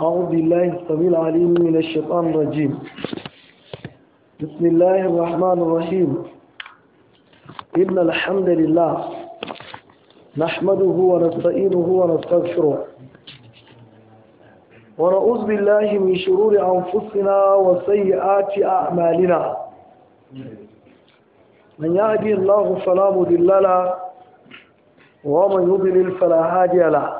أعوذ بالله السميع العليم من الشيطان الرجيم بسم الله الرحمن الرحيم إن الحمد لله نحمده ونستعينه ونستغفره ونعوذ بالله من شرور أنفسنا وسيئات أعمالنا من يهدي الله فلا مضل له ومن يضلل فلا هادي له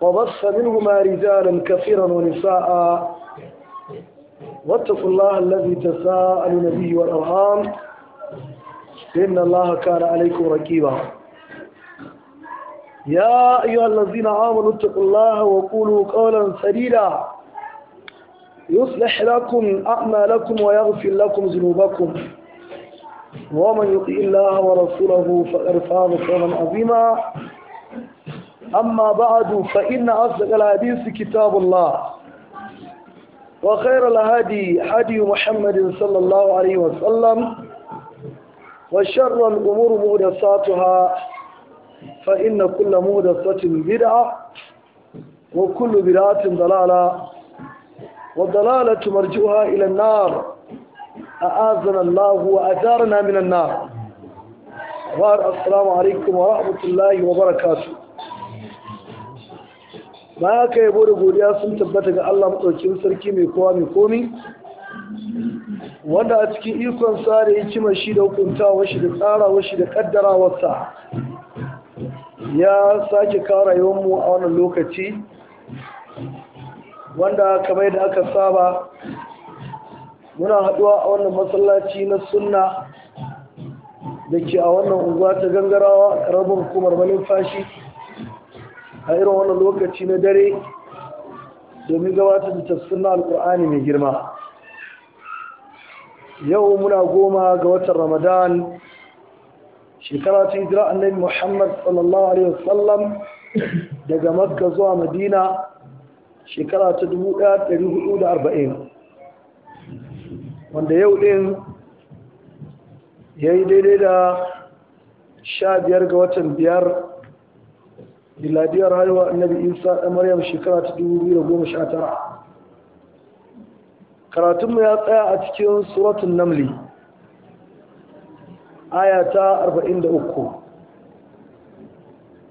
وبث منهما رجالا كثيرا ونساء واتقوا الله الذي تساءل به والأرحام إن الله كان عليكم ركيبا يا أيها الذين آمنوا اتقوا الله وقولوا قولا سديدا يصلح لكم أعمالكم ويغفر لكم ذنوبكم ومن يطيع الله ورسوله فقد فاز فوزا عظيما أما بعد فإن أصدق الحديث كتاب الله وخير الهدي هدي محمد صلى الله عليه وسلم وشر الأمور مهدساتها فإن كل مهدسة بدعة وكل بدعة ضلالة والضلالة مرجوها إلى النار أعاذنا الله وأجارنا من النار السلام عليكم ورحمة الله وبركاته ba ka yabo da godiya sun tabbata ga Allah maɗaukin sarki mai kowa mai komi wanda a cikin ikon sa da ya cima shi da hukunta washi da tsara washi da kaddarawarsa ya sake kara yawan mu a wannan lokaci wanda kamar da aka saba muna haɗuwa a wannan masallaci na sunna da ke a wannan unguwa ta gangarawa a ƙaramin hukumar malin fashi a irin wannan lokaci na dare domin gabatar da tafsirin alkur'ani mai girma yau muna goma ga watan ramadan shekara ta hijira annabi muhammad sallallahu alaihi wasallam daga makka zuwa madina shekara ta 1440 wanda yau ɗin ya yi daidai da 15 ga watan biyar diladiyar rayuwa annabi isa da maryam shekara ta 2019 karatunmu ya tsaya a cikin suratun namli aya ta 43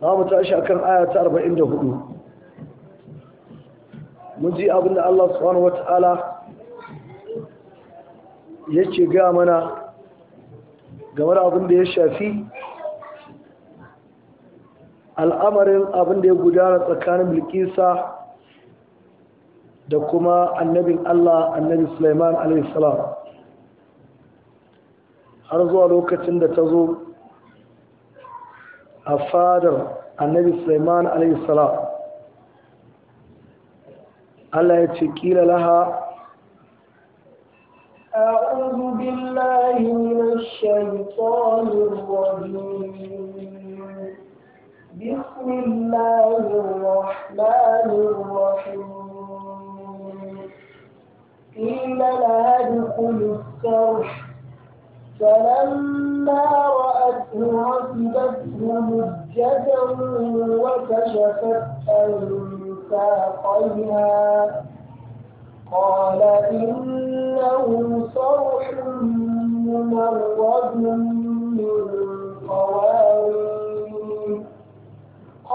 za mu tashi akan aya ta 44 mun ji abinda Allah subhanahu ya ce, gaya mana game da abinda ya shafi al'amarin abin da ya gudana tsakanin bilkisa da kuma annabin Allah annabi Sulaiman alaihissalam har zuwa lokacin da ta zo a fadar annabi Sulaiman alaihissalam Allah ya ce kila laha أعوذ بالله من الشيطان الرجيم بسم الله الرحمن الرحيم قيل لها ادخل السرح فلما رأته حسبته مجة وكشفت عن ساقيها قال إنه صرح ممرد من قوارب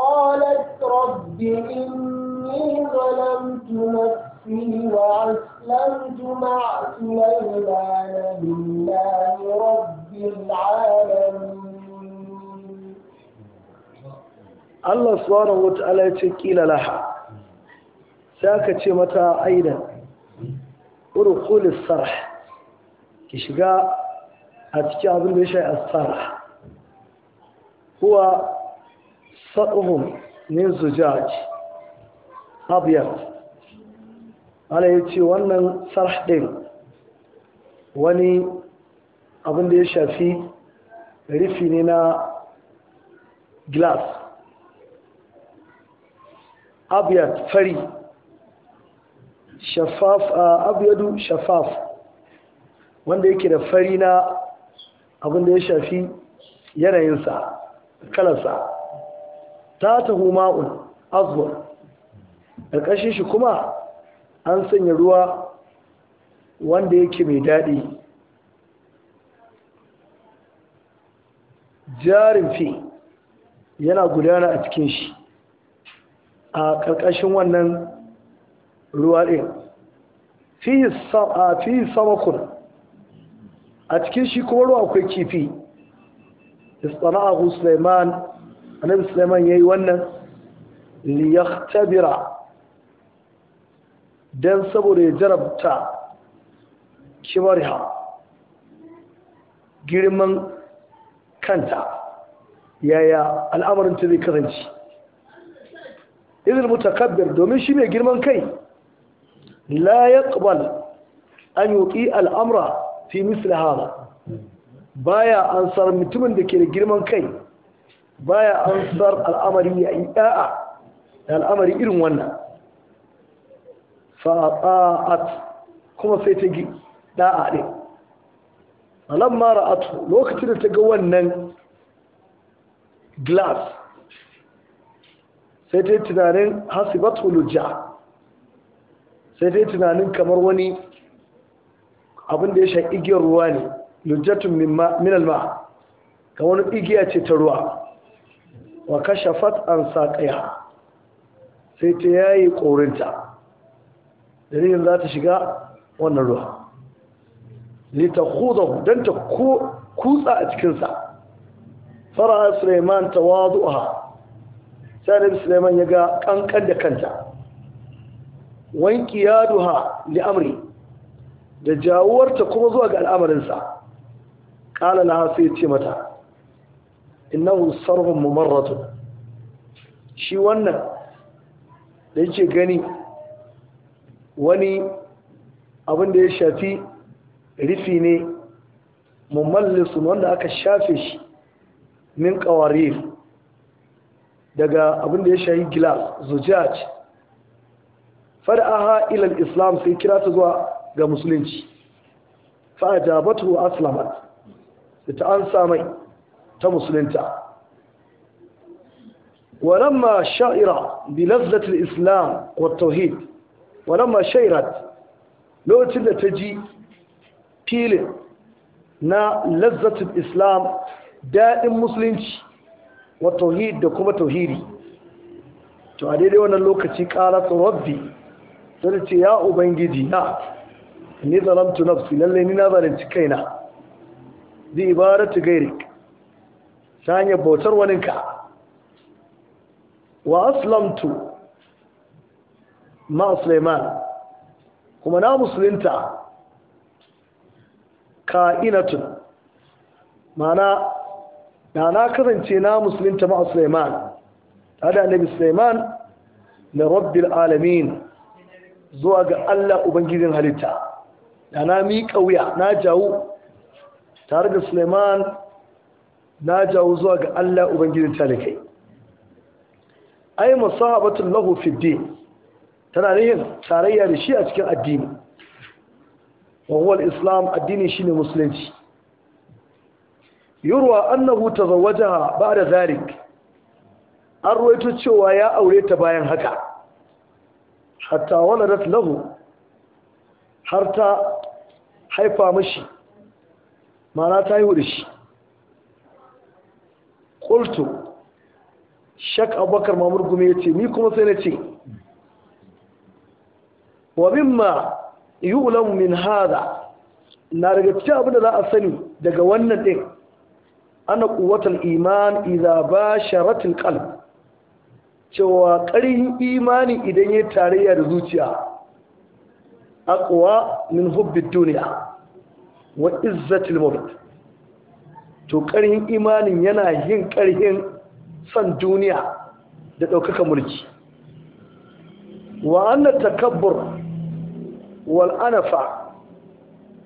قالت رب إني ظلمت نفسي وأسلمت مع سليمان لله رب العالمين الله سبحانه وتعالى يتكيل لها ساكت متى أيضا ورقول الصرح كشقاء أتكي أبن بشيء الصرح هو sa'uhum min zujaj abiyat ala ya wannan sarh din wani abin da ya shafi rufi ne na glass abiyat fari shafaf ab'yadu shafaf wanda yake da fari na abin da ya shafi yanayinsa kalarsa tatahu ma'un azbar ƙarƙashin shi kuma an sanya ruwa wanda yake mai daɗi jarin fi yana gudana a cikin shi a ƙarƙashin wannan ruwa ɗin fi samakun a cikin shi kuma ruwa akwai kifi istana abu suleiman annabi ya yayi wannan liyahtabira dan saboda ya jarabta kibariha girman kanta yaya al'amarin ta zai kasance izil mutakabbir domin shi mai girman kai la yaqbal an yuqi al'amra fi misli hada baya ansar mutumin da ke da girman kai baya an sar al'amari ya yi da'a da al'amari irin wannan fa’a’at kuma sai ta gi da'a ɗin alam mara atu lokacin da ta ga wannan glass sai ta yi tunanin hasibatu lujja sai ta yi tunanin kamar wani abin da ya sha igiyar ruwa ne lujjatun minalma ga wani igiya ce ta ruwa wa kashafat an saqiha sai ta yayi korinta dalilin za ta shiga wannan ruwa khudu dan ta kutsa a cikin sa fara Sulaiman tawadu'a sai Nabi Sulaiman ya ga kankan da kanta wanki yaduha li amri da jawuwarta kuma zuwa ga al'amarin sa qala laha sai ce mata innahu sarhun mumarratu shi wannan da yake gani wani abin da ya shafi rifi ne mumallisun wanda aka shafe shi min kawarir daga abin da ya shafi gilas zujaj far'aha ilal islam sai kira ta zuwa ga musulunci fa ajabatu da ta ansa mai ta musulunta walamma sha'ira bi lazzatul islam wa tauhid walamma sha'irat lokacin da ta ji filin na lazzatul islam daɗin musulunci wa tauhid da kuma tauhiri to a daidai wannan lokaci qalat rabbi sai ce ya ubangiji na ni zalamtu nafsi lalle ni na zalunci kaina bi ibadatu gairik ta hanyar bautar waninka wa aslamtu ma suleiman kuma na musulunta ka'inatun mana da na kasance na musulunta ma suleiman ta da annabi suleiman na rabbil alamin zuwa ga allah ubangijin halitta da na miƙa wuya na jawo tare da suleiman na jawo zuwa ga Allah ubangijin talikai ai musahabatul lahu fi tana yin tarayya da shi a cikin addini wa islam addini shine musulunci yurwa annahu ba da zarik. an ruwaito cewa ya aure ta bayan haka hatta waladat lahu har ta haifa mashi mana ta haihu da shi ƙultu shak abubakar mamur ya ce ni kuma sai na ce wa yi ulan min hada na daga cikin abin da za a sani daga wannan ɗin. ana ƙuwatar iman ba sharatin ƙal cewa ƙarin imani idan ya tarayya da zuciya ƙuwa min hubbid duniya wa izzatil mawt to ƙarhin imanin yana yin ƙarhin san duniya da ɗaukaka mulki wa anna takabbur wal anafa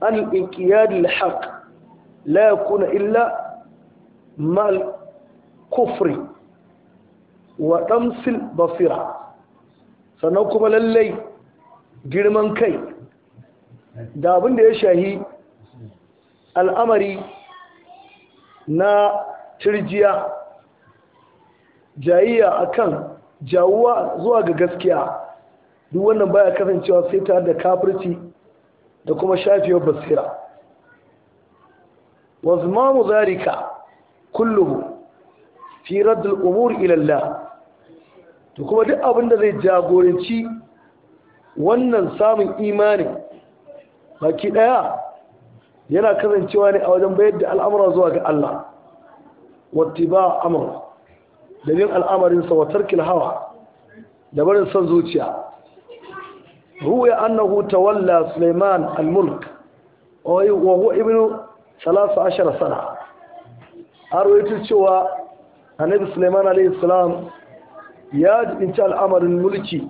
an inqiyad al haqq la yakuna illa mal kufri wa damsil basira sannan kuma lallai girman kai da abin da ya shahi al'amari na turjiya jayiya akan jawuwa zuwa ga gaskiya duk wannan baya kasancewa sai tare da kafirci da kuma shafiyar basira wa mu zarika kulluhu fi raddul umur ilalla, da kuma duk abin da zai jagoranci wannan samun imani baki ɗaya. yana kasancewa ne a wajen bayar da al'amura zuwa ga Allah wattiba amr da yin al'amarin wa tarkil hawa da barin son zuciya ruwa annahu tawalla Suleiman al-mulk wa huwa ibnu 13 sana arwaitu cewa annabi Suleiman alayhi salam ya jibinci al'amarin mulki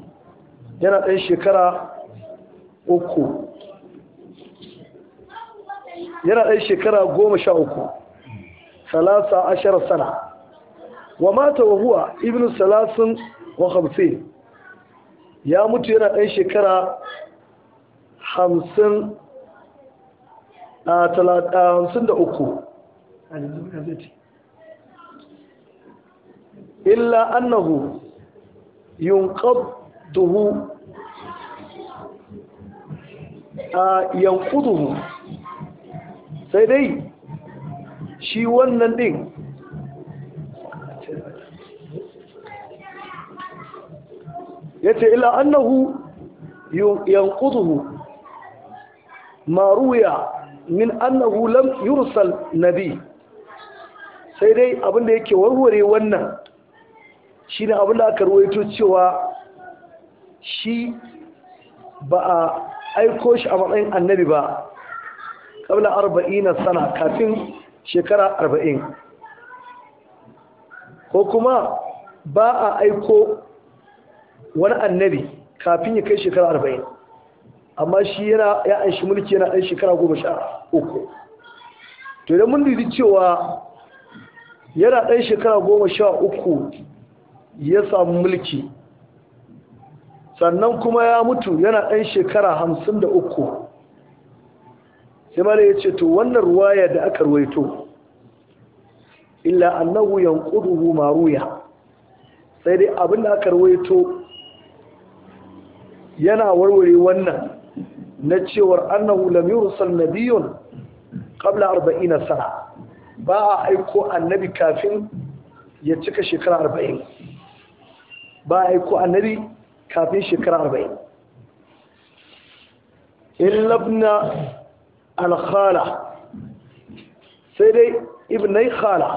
yana ɗan shekara uku yana ɗan shekara goma sha uku salasa ashar sana wa mata wa huwa ibn salasin wa hamsin ya mutu yana ɗan shekara hamsin da uku illa annahu yunqadduhu a yankudu. sai dai shi wannan din ya ce ila annahu yankuzuhu maruya min annahu lam yursal nabi sai dai abinda yake warware wannan shi ne abinda aka ruwaito cewa shi ba a aiko shi a matsayin annabi ba kabla 40 sana kafin shekara arba'in, ko kuma ba a aiko wani annabi kafin ya kai shekara arba'in, amma shi yana ya anshi mulki yana dan shekara goma sha uku. to idan mun dubi cewa yana dan shekara goma sha uku ya samu mulki sannan kuma ya mutu yana ɗan shekara hamsin da uku sai ma ya ce to wannan ruwaya da aka ruwaito illa annahu yanquduhu maruya sai dai abin da aka ruwaito yana warware wannan na cewar annahu lam yursal nabiyyun qabla 40 sana ba a aiko annabi kafin ya cika shekara 40 ba a aiko annabi kafin shekara 40 illa ibna alkhala sai dai ibnai khala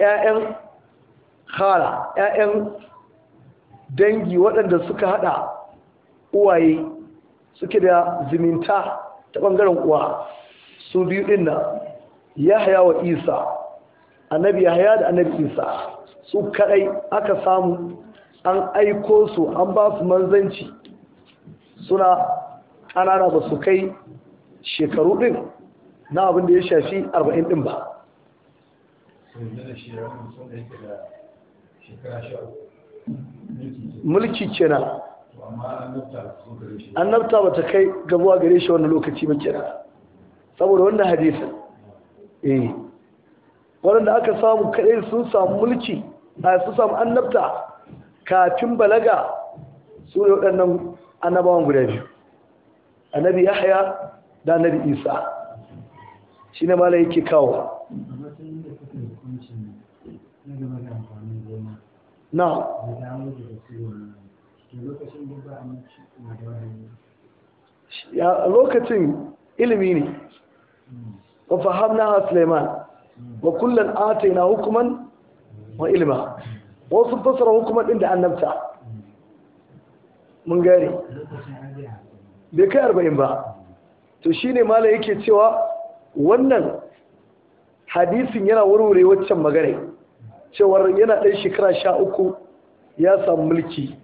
‘ya'yan khala ‘ya'yan dangi waɗanda suka haɗa uwaye suke da ziminta ta ɓangaren uwa su biyu ɗin nan yahaya wa isa annabi yahaya da annabi isa su kaɗai aka samu an aiko su an ba su manzanci suna ƙanana ba su kai shekaru ɗin na abin da ya shafi arba'in ɗin ba mulki kenan annabta ba ta kai ga gare shi wani lokaci ba kenan saboda wannan hadisa eh waɗanda aka samu kaɗai sun samu mulki a sun samu annabta kafin balaga su ne waɗannan annabawan guda biyu annabi haya. Danar isa shi ne mala yake kawo na lokacin ilimi ne wa fahamna Suleiman wa kullum na hukuman wa ilma wasu fasara hukuman ɗin da annabta mun gari bai kai arba'in ba to shi shine mala yake cewa wannan hadisin yana warware waccan magana cewar yana ɗan shekara sha uku ya samu mulki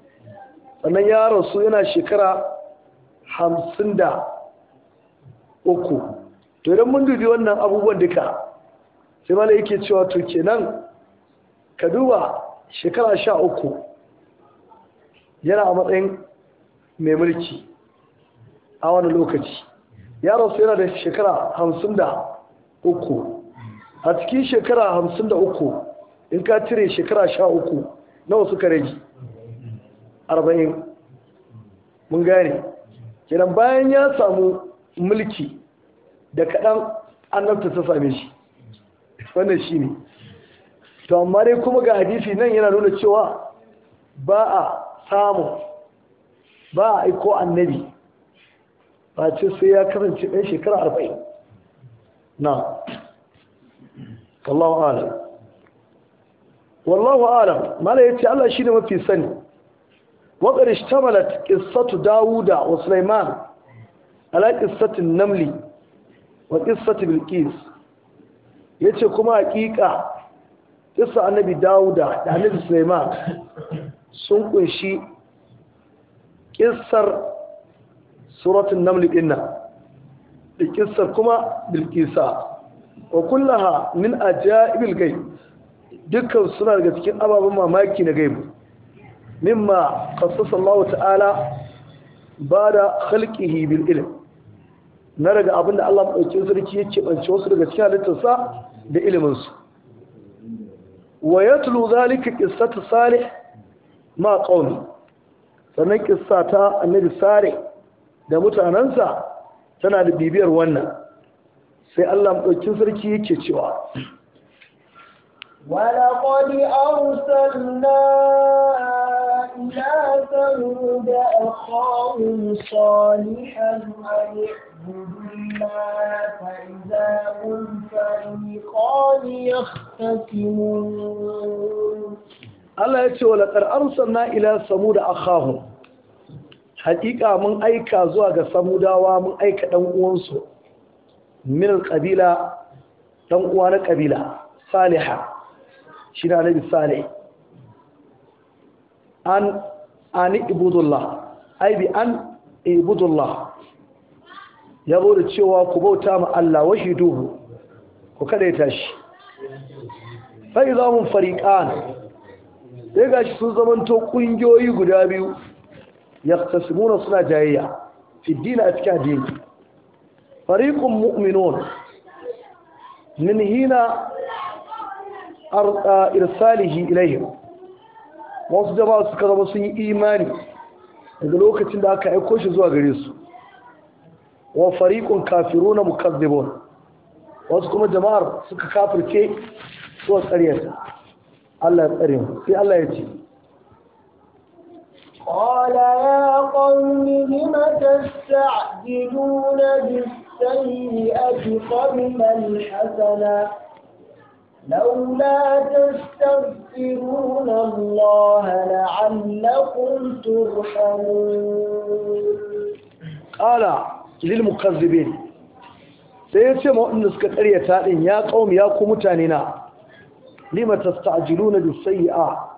sannan ya rasu yana shekara hamsin da uku to idan mun dubi wannan abubuwan duka sai mala yake cewa to kenan ka duba shekara sha uku yana a matsayin mai mulki a wani lokaci ya rasu yana da shekara hamsin da uku a cikin shekara hamsin da uku in ka cire shekara sha uku nawa suka rage arba'in mun gane idan bayan ya samu mulki da kaɗan annabta ta same shi wannan shi ne to amma dai kuma ga hadisi nan yana nuna cewa ba a samu ba a aiko annabi ce su ya karanci ɗan shekara arba'in na wallahu alam wallahu wa'ala mana ya ce Allah shi ne mafi sani ta mana ƙissatu dawuda wa sulaiman ala namli wa ƙissatin bilkis ya ce kuma haƙiƙa ƙisa annabi dawuda da annabi sulaiman sun ƙunshi ƙisar. suratun namni dinna da kuma bilkisa wa kullaha min ajaibil gaib dukkan suna daga cikin ababen mamaki na gaibu mimma qassasa Allah ta'ala bada khalqihi bil ilm na daga abinda da Allah maɗaukin sarki yake keɓance wasu daga cikin halittarsa da iliminsu wa ya tulu zalika ƙissatu salih ma ƙauni sannan ƙissa ta annabi sare da mutanensa tana da bibiyar wannan sai Allah ɗaukin sarki yake cewa wala qadi arsalna ila thamuda aqam salihan ay budilla fa iza kun fariqan yaxtakimun Allah ya ce wala qad arsalna ila thamuda aqam haƙiƙa mun aika zuwa ga samudawa mun aika ɗan uwansu min ƙabila ɗan uwa na ƙabila saliha shi na nabi Sale an ani ibudullah ai bi an ibudullah ya bude cewa ku bauta ma Allah wa duhu ku kadaita shi sai za mun fariqan sai gashi sun zamanto kungiyoyi guda biyu yaqtasimuna suna jayayya fi dina a cikin addini fariqun mu'minun min hina irsalihi ilayhim wasu jama'a suka zama sun yi imani daga lokacin da aka aiko shi zuwa gare su wa fariqun kafiruna mukazzibun wasu kuma jama'ar suka kafirce suwa tsariyar Allah ya tsare sai Allah ya ce قال يا قوم لم تستعجلون بالسيئه قبل الحسنه لولا تستغفرون الله لعلكم ترحمون قال للمكذبين سيتي مؤنس كتريا تالين يا قوم يا قوم تانينا لما تستعجلون بالسيئة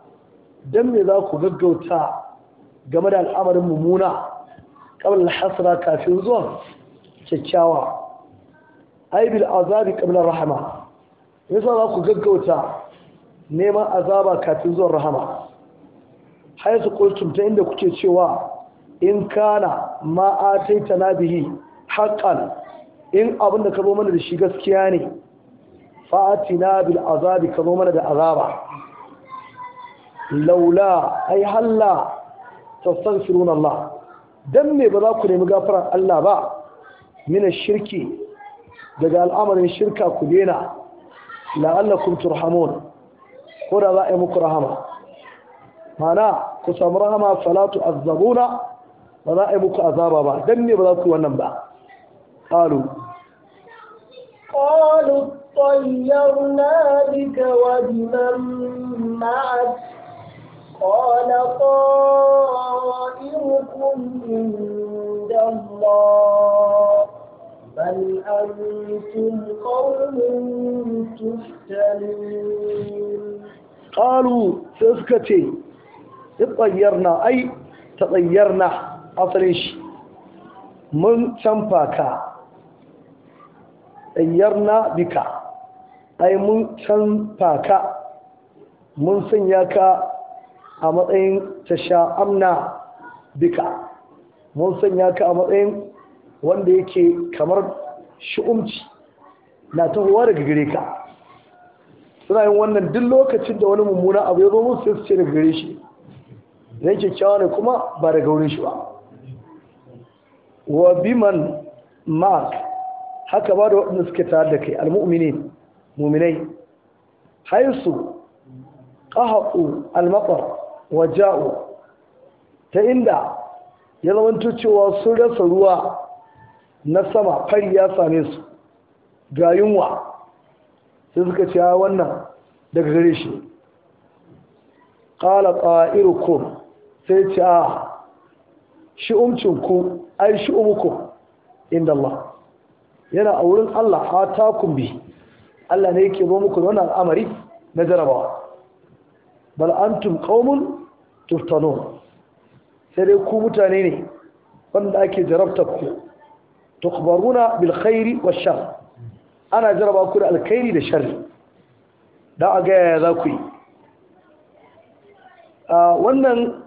دم إذا ذاك وقوتا game da al'amarin mummuna qabla hasra kafin zuwa kyakkyawa ay bil azabi qabla rahma yasa za ku gaggauta neman azaba kafin zuwa rahama haisu qultum ta inda kuke cewa in kana ma ataitana bihi haqqan in abin da ka zo mana da shi gaskiya ne fa'atina bil azabi ka zo mana da azaba laula ai halla tastaghfiruna Allah dan me ba za ku nemi gafarar Allah ba mina shirki daga al'amarin shirka ku dena la'allakum turhamun ko da za a yi muku rahama mana ku samu rahama falatu azzabuna ba za a yi muku azaba ba dan me ba za ku wannan ba qalu qalu طيرنا بك وبمن معك قالوا سسكتي تطيرنا اي تطيرنا أصليش من شنفاكا طيرنا بك اي من شنفاكا من سنياكا a matsayin Amna bika mun sanya ka a matsayin wanda yake kamar shi'umci na tahowa daga gare ka suna yin wannan duk lokacin da wani mummuna abu ya zo mun sai su ce daga gare shi zai kyakkyawa ne kuma ba daga wurin shi ba wa biman mark haka ba da waɗanda suke tare da kai almu'mini muminai haisu ƙahaƙu almaƙar waja'u ta inda ya zamanto cewa sun rasa ruwa na sama kari ya same su ga yunwa sai suka ce wannan daga gare shi ƙala ƙa'irukum sai ce a shi'umcinku ai shi'umuku, inda Allah yana a wurin Allah a takun bi Allah ne yake ba muku wannan al'amari na jarabawa bal antum qaumun sai dai ku mutane ne wanda ake jarabta ku tukbaruna bil khairi wash ana jaraba ku da alkhairi da sharri da a ga yaya za ku yi wannan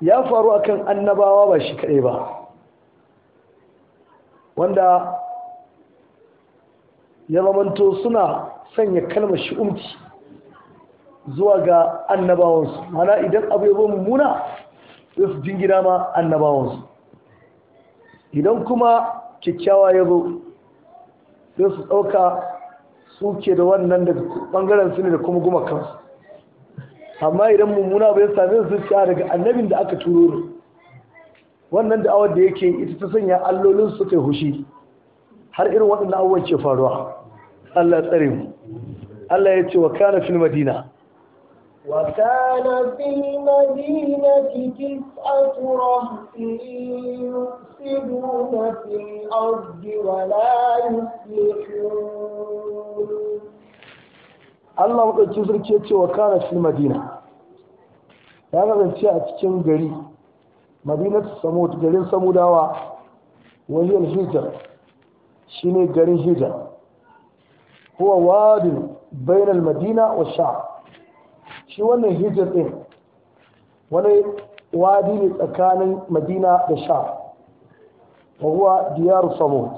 ya faru akan annabawa ba shi kaɗai ba wanda ya zamanto suna sanya kalmar umti. zuwa ga annabawansu mana idan abu ya zo mummuna sai su jingina ma annabawansu idan kuma kyakkyawa ya zo sai su ɗauka suke da wannan daga ɓangaren su ne da kuma guma kansu amma idan mummuna bai sami su tsaya daga annabin da aka turo ne wannan awar da yake ita ta sanya allolin su kai hushi har irin waɗannan abubuwan ke faruwa Allah ya tsare mu Allah ya ce wa kana fil madina وكان في المدينة تسعة رهط يفسدون في الأرض ولا يصلحون Allah maɗauki sarki ya ce wa kana fil madina ya kasance a cikin gari madina ta samu garin samudawa wahiyar shine garin hijar huwa wadin bainar madina wa sha shi wannan hijir din wani wadi ne tsakanin madina da sha wa huwa diyaru samud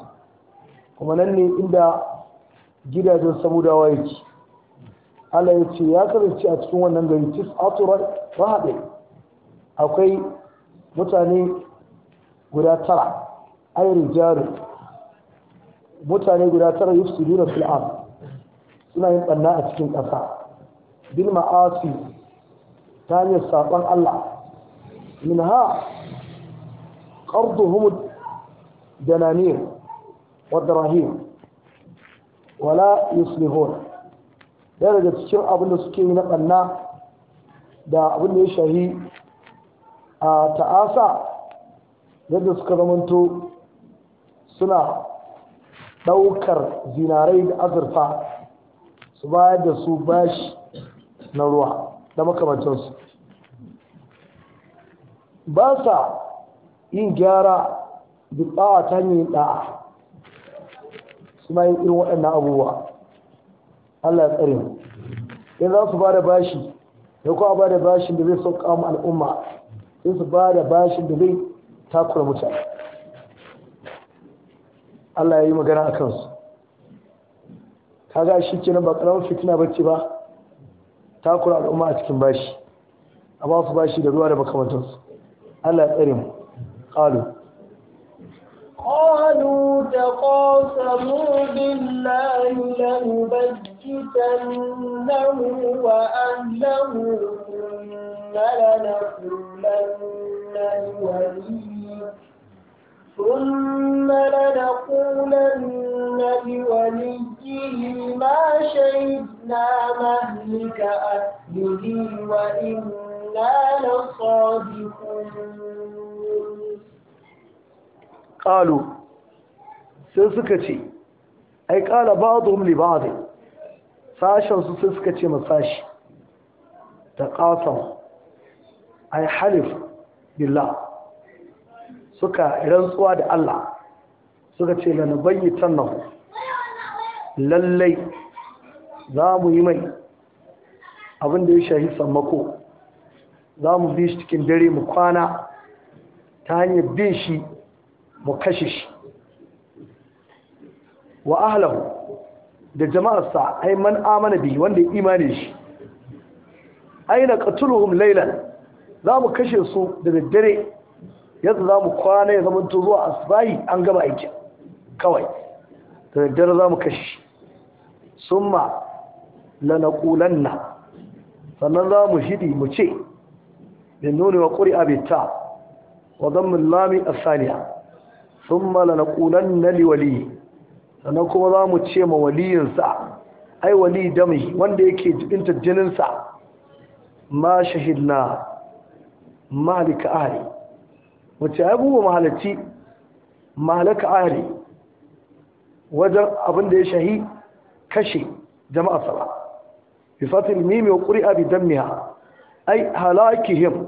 kuma nan ne inda gidajen samudawa yake Allah ya ce ya kasance a cikin wannan gari tis'atu haɗe. akwai mutane guda tara ay jari, mutane guda tara yi su nuna fil'am suna yin ɓanna a cikin ƙasa bil ma'asi ta hanyar saɓon Allah min ha da dananir wa darahim wala yuslihun ɗaya daga cikin abin da suke yi na ɓanna da abin da ya shahi a ta'asa yadda suka zamanto suna ɗaukar zinarai da azurfa su bayar da su bashi na ruwa da makamancinsu ba sa yin gyara da tsawa ta yin Su suna yin irin waɗannan abubuwa Allah ya tsari in za su ba da bashi da kuma ba da bashin da zai sauka mu al'umma sai su ba da bashin da zai takura mutane Allah ya yi magana a kansu ga shi nan ba ƙaramin fitina ce ba Ta takura al'umma a cikin bashi a ba su bashi da ruwa da makamantansu Allah ya tsare mu qalu qalu taqasamu billahi lan bajjitannahu wa ahlahu thumma lanaqulanna li ثم لنقولن لوليه ما شهدنا مهلك أهله وإنا لصادقون قالوا سيسكتي أي قال بعضهم لبعض sashen su sun suka ce masashi ta ƙasam ai halif billah suka rantsuwa da Allah suka ce lana bayyitan nan lallai za mu yi mai abin da ya shahi sammako za mu bi shi cikin dare mu kwana ta hanyar bin shi mu kashe shi wa ahlahu da jama'arsa ai man amana bi wanda ya imane shi aina qatuluhum laylan za mu kashe su da daddare yadda za mu kwana ya zama zuwa asibahi an gama aiki kawai da daddare za mu kashe summa na sannan za mu shidi mu ce bin nuni wa ƙuri abita wa zammin lami a saniya summa na liwali sannan kuma za mu ce ma waliyinsa ai wali dami wanda yake jibinta jininsa ma shahidna malika ahli wacce ya buwa mahalarci malaka ari wajen abin da ya shahi kashe jama'a sala bi fatil mimi wa qur'a bi dammiha ay halakihim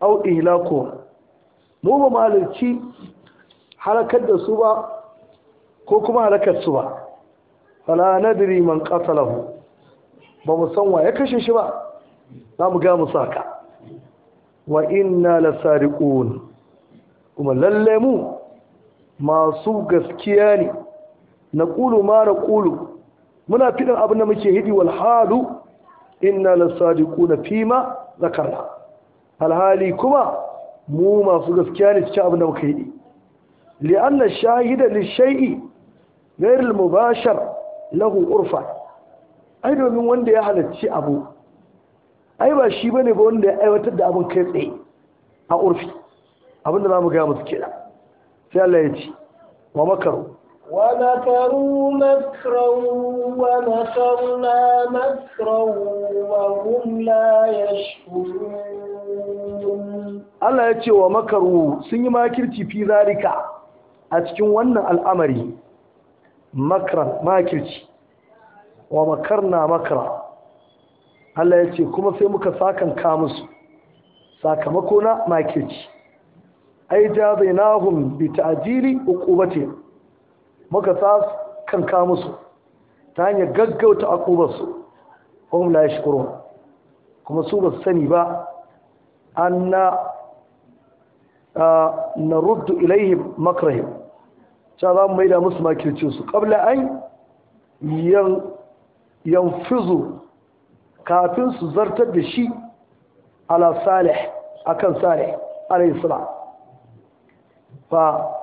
aw ihlakuhum mu ba mahalarci halakar da su ba ko kuma halakar su ba fala nadri man qatalahu ba mu san wa ya kashe shi ba za mu ga mu saka wa inna lasariqun kuma lalle mu masu gaskiya ne na kulu ma na kulu muna fiɗin abin da muke hidi wal halu inna lasadiquna fima zakarna alhali kuma mu masu gaskiya ne cikin abin da muka hidi li'anna sha'i li shay'i mubashar lahu urfa ai domin wanda ya halarci abu ai ba shi bane ba wanda ya aiwatar da abin kai tsaye a urfi abin da za mu gaya musu kenan sai Allah ya ce wa makaru wa makaru makran wa makarna makran wa hum la yashkurun Allah ya ce wa makaru sun yi makirci fi a cikin wannan al'amari makara makirci wa makar na makara. Allah ya ce kuma sai muka sakan kamusu musu sakamako na makirci ai jazainahum bi ta'jili uqubati muka sa kan ka musu ta hanyar gaggauta akubar su hum la yashkurun kuma su ba sani ba anna naruddu ilaihim makrahim cha za mu maida musu makirci su qabla an yan yanfizu kafin su zartar da shi ala salih akan salih alayhi salam fa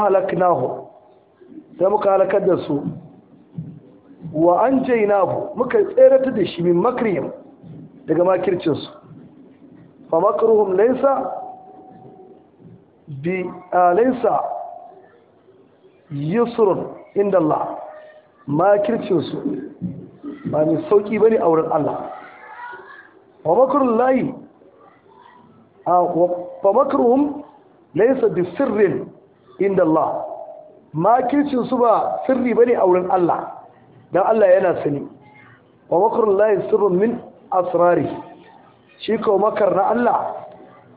ahlaknahu sai muka halakar da su wa an jainahu muka tserata da shi min makrihim daga makircinsu fa makruhum laysa bi alaysa yusrun inda Allah makircinsu ba mai sauki bane a wurin Allah wa makrun layi wa makruhum laisa bi sirrin inda Allah makircin su ba sirri bane a wurin Allah dan Allah yana sani wa makrullahi sirrun min asrari shi ko makar na Allah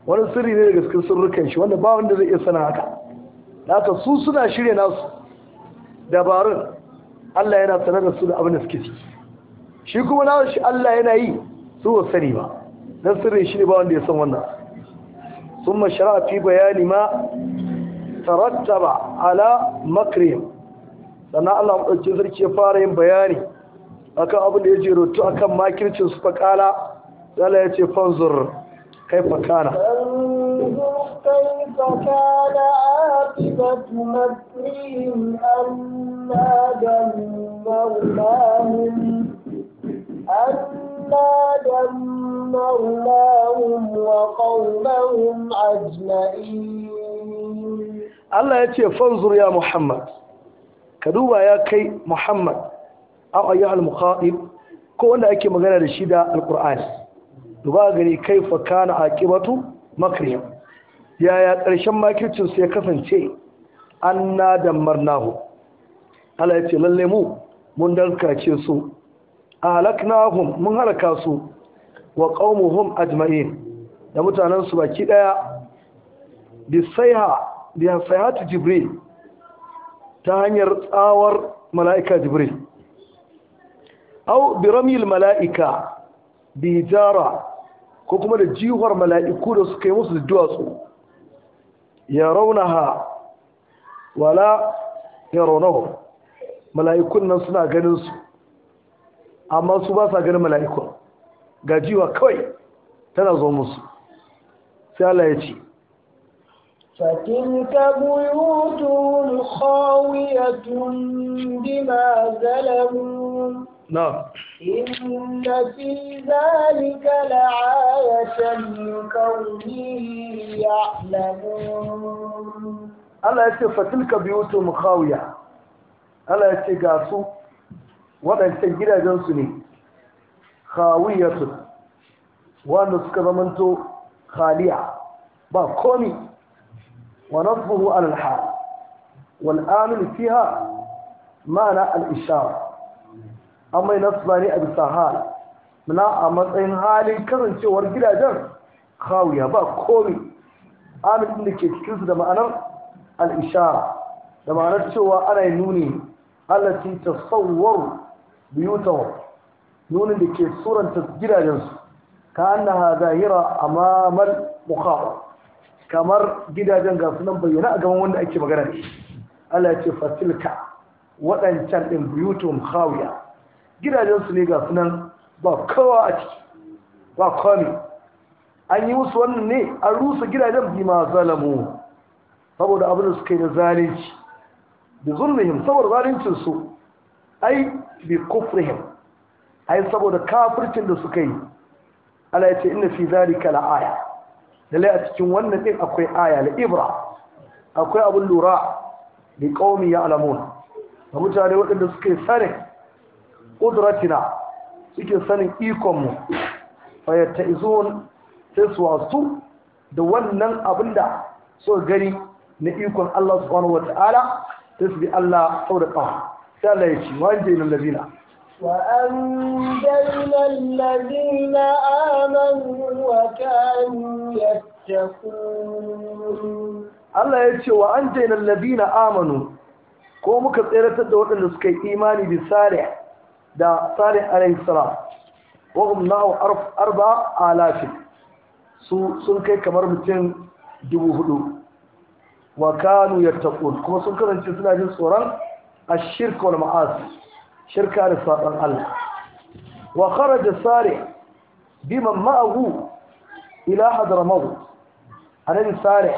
wani sirri ne daga cikin sirrukan shi wanda ba wanda zai iya sanar haka haka su suna shirya nasu dabarun Allah yana sanar da su da abin da suke ciki shi kuma na shi Allah yana yi su ba sani ba dan sirri shi ne ba wanda ya san wannan ثم شرع في بيان ما ترتب على مكرهم سنعلم الجذر كفارهم بياني أكا أبن يجي رتو أكا ما كنتم سبقالا لا يجي فانظر كيف كان كيف كان عاقبة مكرهم أنا دمرناهم أنا دمرناهم Allah ya ce fanzuri ya Muhammad. Kaduba ya kai Muhammad, akwai yi almuka'i ko wanda ake magana da shida Alƙur'ani. Ruba gani kai fakana a ƙiratu ya Yaya ƙarshen maketinsa ya kasance? An na damar nahu. Allah ya ce lallai mu, mun dankace su. A alaqnahu mun haraka su. wa qaumuhum ajma'in da mutanen su baki daya bi sayha bi jibril ta hanyar tsawar mala'ika jibril aw bi ramil mala'ika bi jara ko kuma da jihuwar mala'iku da suka yi musu da duwatsu ya raunaha wala ya raunahu mala'ikun nan suna ganin su amma su ba sa ganin mala'ikun gajiwa kawai tana zo musu sai Allah ya ce فتلك بيوتهم خاوية بما ظلموا نعم إن في ذلك لآية لقوم يعلمون Allah ya ce fatilka biyutu mukhawiya Allah ya ce ga su waɗancan gidajensu ne khawiyatu wanda suka zamanto khaliya ba komi wa nasbuhu ala al-hal wal amil fiha ma'ana al-ishara amma nasba ne a bisa hal muna a matsayin halin kasancewar gidajen khawiya ba komi amil inda da ke cikin su da ma'anar al-ishara da ma'anar cewa ana yi nuni allati tasawwaru biyutahum nunin da ke suranta gidajensu ka annaha zahira mamal mukhaf kamar gidajen ga sunan bayyana a gaban wanda ake magana da shi Allah ce fasilka waɗancan ɗin buyutum hawiya gidajensu ne ga sunan ba kowa a ciki ba kwami an yi musu wannan ne an rusa gidajen bi ma zalamu saboda abin da suka yi na zalunci da zulmihim saboda zaluncinsu ai bi kufrihim ai saboda kafircin da suka yi Allah ya ce inna fi zalika la aya lalle a cikin wannan din akwai aya la ibra akwai abun lura bi qaumi ya'lamun ga mutane waɗanda suke sare qudratina suke sanin ikon mu fa sai su wasu da wannan abinda so gari na ikon Allah subhanahu wataala tasbi Allah sau kafa sai Allah ya ce labina وأنجينا الذين آمنوا وكانوا يتقون Allah ya ce wa an jaina labina amanu ko muka tsere ta da waɗanda suka yi imani bi sare da sare alaihi salam wa hum na'u arba alafi su sun kai kamar mutum dubu hudu wa kanu yattaqun kuma sun kasance suna jin tsoron ashirka wal ma'asi شركار صادن الله وخرج صارع بمن ما أبو إلى حد رمض أنا صارع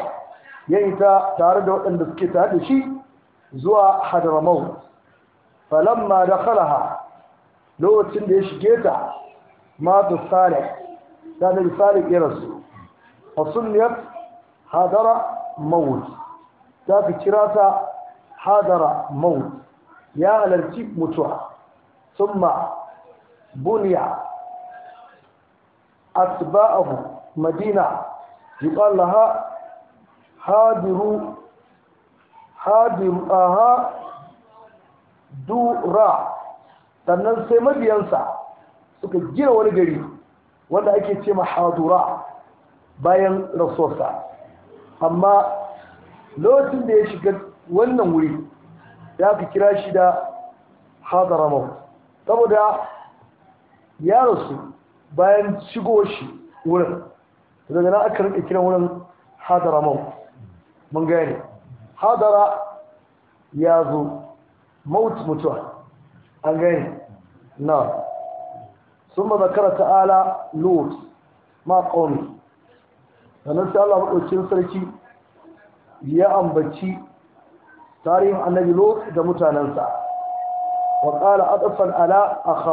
يهتا يعني تارد وقن بسكتا لشي زوا حد رمض فلما دخلها لو تندش جيتا ما تصارع كان صارع يرسل فصنيت حضر موت ذاك تراسا حضر موت ya halarci mutuwa summa buniya abu madina yuqal laha hadiru ha dura sannan sai mabiyansa suka gina wani gari wanda ake ce ma hadura bayan rasuwarsa amma lokacin da ya shiga wannan wuri da aka kira shi da hadara hadaramaut saboda ya rasu bayan shigo shi wurin daga na aka rinka kiran wurin hadara hadaramaut mun gani. hadara ya zo maut mutuwa an gani. na sun ma zakara ta'ala lot ma ƙauni sannan sai Allah maɗaukin sarki ya ambaci tarihin annabi lot da mutanensa wa a adafan ala a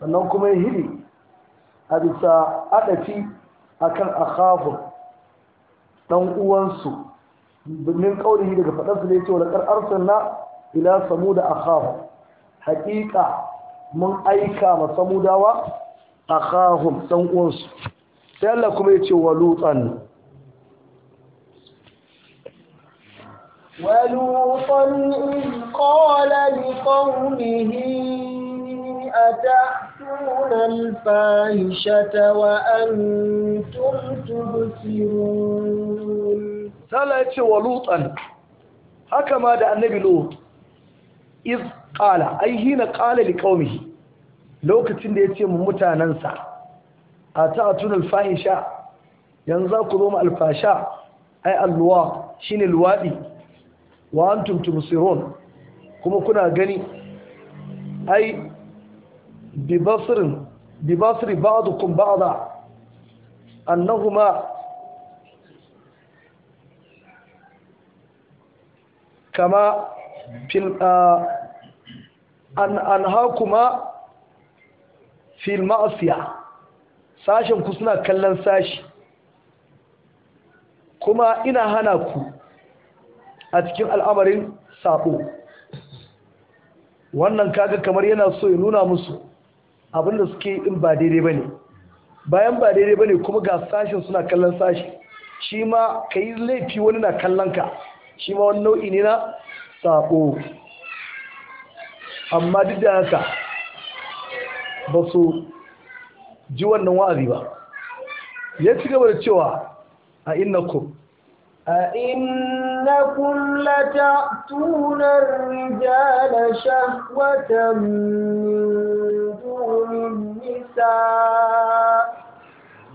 sannan kuma ya hidi a bisa adafi a kan a ɗan uwansu min ƙaurihi daga faɗarsa da ya ce wa laƙar arsalna ila samu da a haƙiƙa mun aika ma samudawa a kawo ɗan uwansu sai Allah kuma ya ce wa lutsan ولوطا إذ قال لقومه أتأتون الفاحشة وأنتم تبصرون ثلاثة ولوطا هكما دع النبي لوط إذ قال أي حين قال لقومه لو كتن يتيم متاننسا أتأتون الفاحشة yanzu ku zo mu alfasha ai alluwa shine luwadi wa antum tumsirun kuma kuna gani ai bi basrin bi basri ba'dukum ba'da annahuma kama fil an anhakuma fil ma'siya sashen ku suna kallon sashi kuma ina hana ku a cikin al'amarin sako wannan kaga kamar yana so ya nuna musu abinda suke in ba daidai ba ne, bayan ba daidai ba ne kuma ga sashen suna kallon sashi shi ma ka yi laifi wani na kallon ka shi ma wani nau'i ne na sako amma duk da haka ba su ji wannan wa'azi ba ya ci gaba da cewa a innakum أئنكم لتأتون الرجال شهوة من دون النساء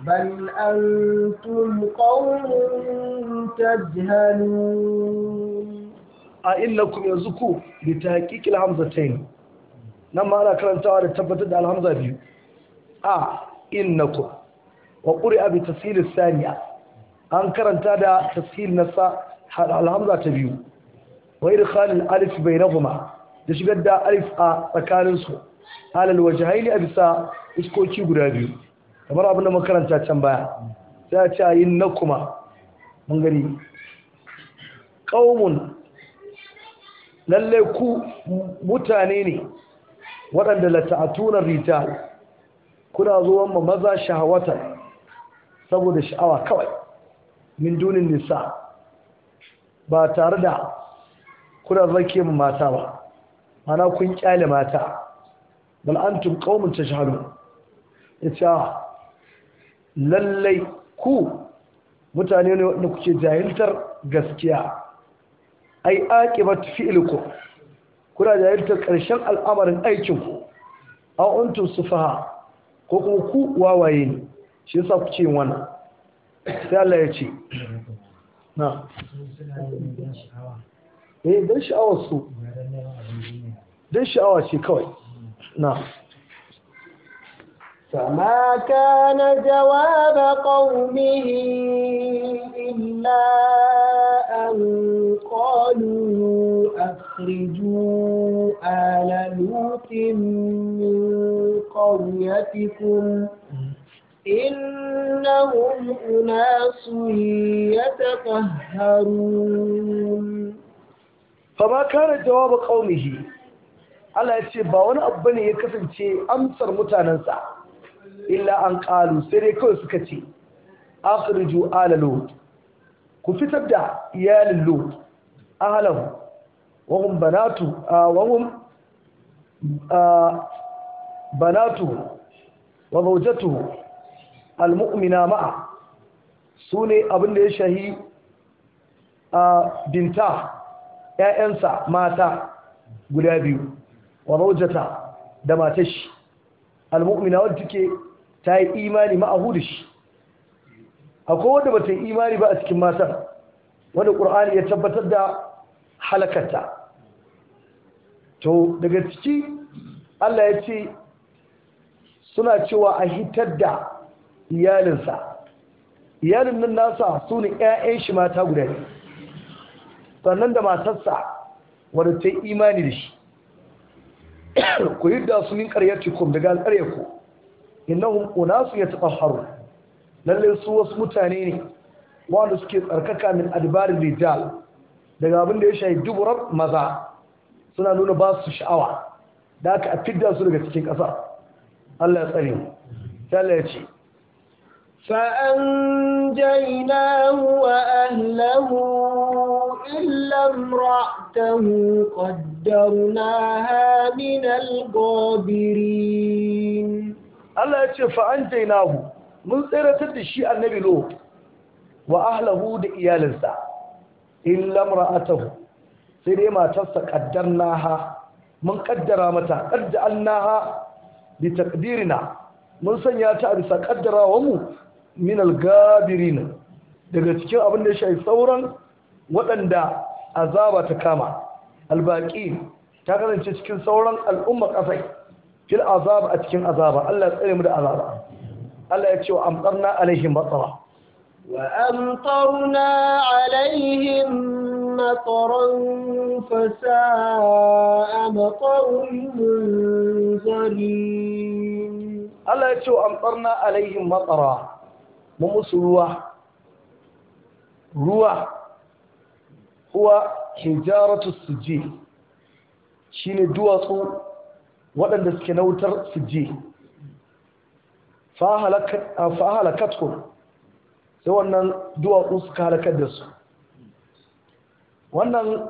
بل أنتم قوم تجهلون أئنكم يزكو بتحقيق الهمزتين نما أنا كرنتها لتبتد على الهمزة بيو أ إنكم وقرئ بتسهيل الثانية an karanta da tafsir na alhamza ta biyu wa idkhalil alif bainahuma da shigar da alif a tsakanin su alal wajhaini a bisa iskoki guda biyu kamar abin da karanta can baya sai a ce ayin na kuma mun gani qaumun lalle ku mutane ne waɗanda lata'atuna rita kuna zuwan ma maza shahawata saboda sha'awa kawai min dunin nisa ba tare da kuna zake mu mata ba mana kun kyale mata bal antum qaumun tajhalun yace ah, lallai ku mutane ne wanda kuke jahiltar gaskiya ai aqibat fi'likum kuna jahiltar karshen al'amarin aikin ku aw antum sufaha ko kuma ku wawaye ne shi yasa kuke wannan sai Allah ya ce na eh dan sha'awar su dan sha'awa ce kawai na فما كان جواب قومه إلا أن قالوا أخرجوا آل لوط من قريتكم إنهم أناس يتطهرون فما كان جواب قومه Allah ya ce ba wani abu bane ya kasance amsar mutanensa illa an ƙalu sai dai kawai suka ce akhriju ala lut ku fitar da iyalin lu ahlahu wa hum banatu wa hum banatu almu'mina ma'a su ne abin da ya shahi a binta ‘ya'yansa mata guda biyu wa raujata da shi. almu'mina wadda take ta yi imani ma'ahu da shi akwai wadda bata yi imani ba a cikin matar, wadda ƙur'ani ya tabbatar da halakata to daga ciki Allah ya ce suna cewa a hitar da iyalinsa iyalin nan nasa su ne 'ya'yan shi mata guda ne sannan da matarsa wadda ta yi imani da shi ku yi da su min ƙaryarcikum daga alƙaryarku na su ya taɓa haru lallai su wasu mutane ne wanda suke tsarkaka min adibarin rijal daga abin da ya shayi duburar maza suna nuna ba su sha'awa da aka fidda su daga cikin ƙasa Allah ya tsare mu Allah ya ce فأنجيناه وأهله إلا امرأته قدرناها من الغابرين Allah ya ce fa'antai nahu mun tseratar da shi annabi lo wa ahlahu da iyalinsa in lamra'atahu sai dai matarsa ƙaddar naha mun ƙaddara mata ƙadda naha da mun sanya ta a bisa ƙaddarawa mu Minal Gabirina, daga cikin abin da ya shafi sauran waɗanda azaba ta kama albaqi ta kasance cikin sauran al'umma kasai fil azab a cikin azaba Allah ya tsare mu da azaba Allah ya ce wa amtarna alaihim matsara wa amtarna alaihim مطرا فساء مطر المنذرين ألا يتشو أمطرنا عليهم مطرا mu musu ruwa ruwa huwa hijaratu sujje shine duwatsu waɗanda suke na wutar sujje fa halakatku sai wannan duwatsu suka halakar da su wannan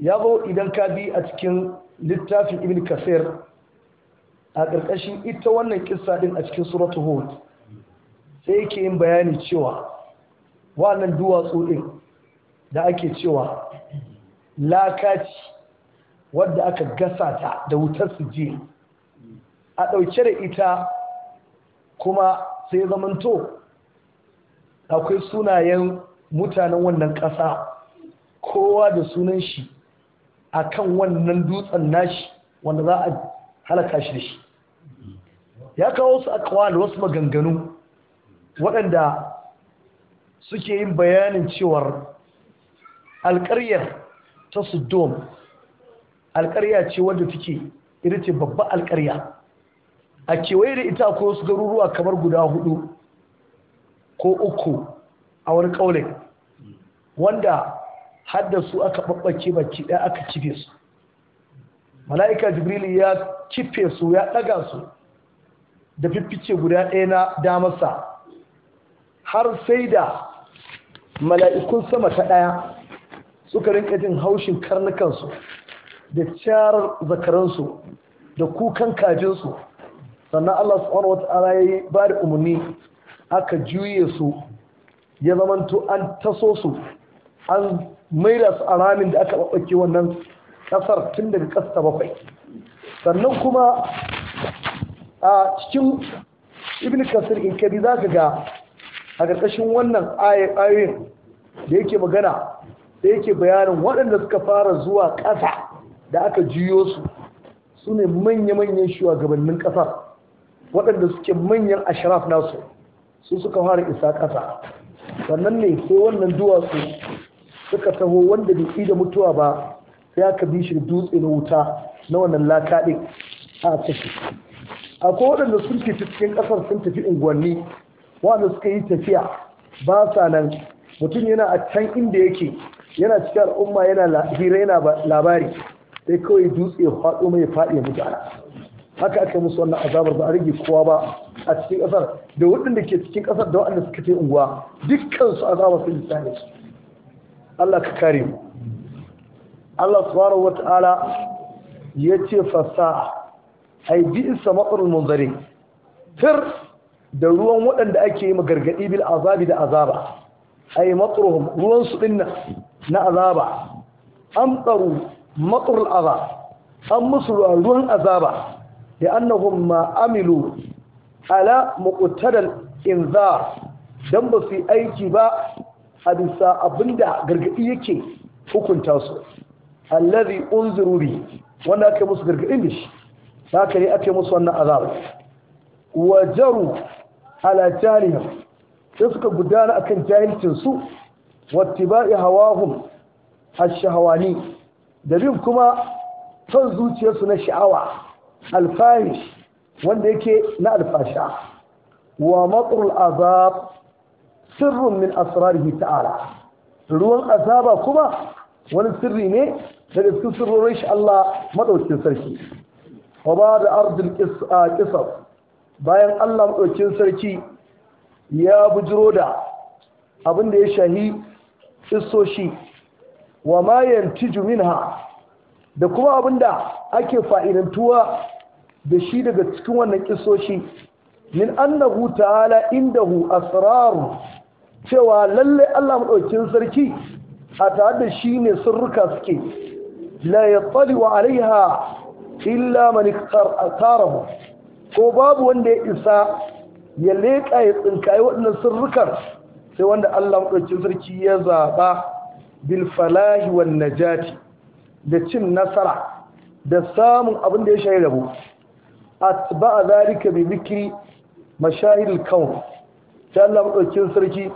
ya zo idan ka bi a cikin littafin ibn kasir a ƙarƙashin ita wannan kissa din a cikin suratu hud sai yake yin bayani cewa wannan duwatsu ɗin da ake cewa lakaci wadda aka gasa ta da wutar su je, a ɗauke da ita kuma sai zamanto akwai sunayen mutanen wannan ƙasa kowa da sunan shi a kan wannan dutsen nashi wanda za a halaka shi da shi ya kawo su a da wasu maganganu waɗanda suke yin bayanin cewar alƙaryar ta dom alƙarya ce wadda take irice ce babba alƙarya a kewaye da ita ko su garuruwa kamar guda hudu ko uku a wani ƙaunin wanda haddasu aka babbace baki ɗaya aka kife su mala'ika jibrilu ya kife su ya ɗaga su da fiffice guda ɗaya na damarsa har sai da mala'ikun sama ta ɗaya suka rinka jin haushin karnukansu da carar zakaransu da kukan kajinsu sannan Allah subhanahu wata'ala ya yi ba da umarni aka juye su ya zamanto an taso su an maida su a ramin da aka ɓaɓɓake wannan ƙasar tun daga ƙasta bakwai sannan kuma a cikin ibn kasir in kabi za ka ga a ƙarƙashin wannan ayoyin da yake magana da yake bayanin waɗanda suka fara zuwa ƙasa da aka juyo su su ne manya-manyan shugabannin ƙasar waɗanda suke manyan ashraf nasu su suka fara isa ƙasa sannan ne sai wannan duwatsu suka taho wanda bai da mutuwa ba sai aka bi shi dutse na wuta na wannan lakaɗe a tafi akwai waɗanda sun fi cikin ƙasar sun tafi unguwanni wanda suka yi tafiya ba sa nan mutum yana a can inda yake yana cikin al'umma yana hira yana labari sai kawai dutse ya faɗo mai faɗi mutu ana haka aka musu wannan azabar ba a rage kowa ba a cikin ƙasar da waɗanda ke cikin ƙasar da waɗanda suka ce unguwa dukkan su azabar sun isa ne. Allah ka kare mu Allah subhanahu wata'ala ya ce fasaha ai bi isa matsarul munzari tir da ruwan waɗanda ake yi ma gargaɗi bil azabi da azaba ay matruhum ruwan su na azaba an tsaru matrul azab an musu ruwan azaba da annahum ma ala muqtadal inzar dan ba su aiki ba a bisa abinda gargaɗi yake hukunta su allazi unziru bi wanda ake musu gargaɗin da shi haka ne ake musu wannan azaba wajaru ala jariha sai suka gudana akan jahilcinsu wattiba'i hawahum ash-shahawani da bin kuma son zuciyarsu na sha'awa alfahish wanda yake na alfasha wa matrul azab sirrun min asrarihi ta'ala ruwan azaba kuma wani sirri ne da cikin sirrorin shi Allah madaukakin sarki wa ba da ardil qisas bayan Allah ɗaukin sarki ya bujiro da abin da ya shahi isoshi wa mayan ha da kuma abin da ake fa’irantuwa da shi daga cikin wannan Nin min annahu ta'ala indahu asraru cewa lalle Allah ɗaukin sarki a tare da shi ne sirruka suke la ya tsari wa alaiha illa man iqtarahu ko babu wanda ya isa ya leƙa ya tsinkaye waɗannan sirrukan sai wanda Allah maɗaukin sarki ya zaɓa bilfalahi falahi najati da cin nasara da samun abin da ya shayi rabo atba'a zalika bi bikri mashahid al sai Allah maɗaukin sarki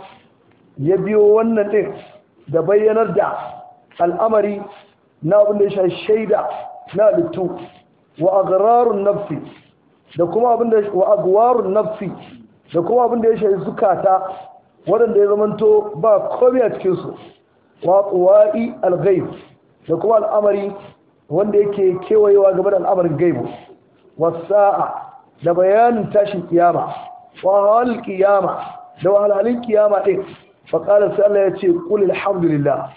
ya biyo wannan ɗin da bayyanar da al'amari na abin da ya shaida na littu wa agrarun nafsi da kuma abin da wa agwarun nafsi da kuma abin da ya shafi zukata waɗanda ya zamanto ba komai a cikin su wa qawa'i al-ghaib da kuma al'amari wanda yake kewayewa game da al'amarin gaibu wasa'a da bayanin tashin kiyama wa hal kiyama da halalin kiyama ɗin, fa qala Allah ya ce qul alhamdulillah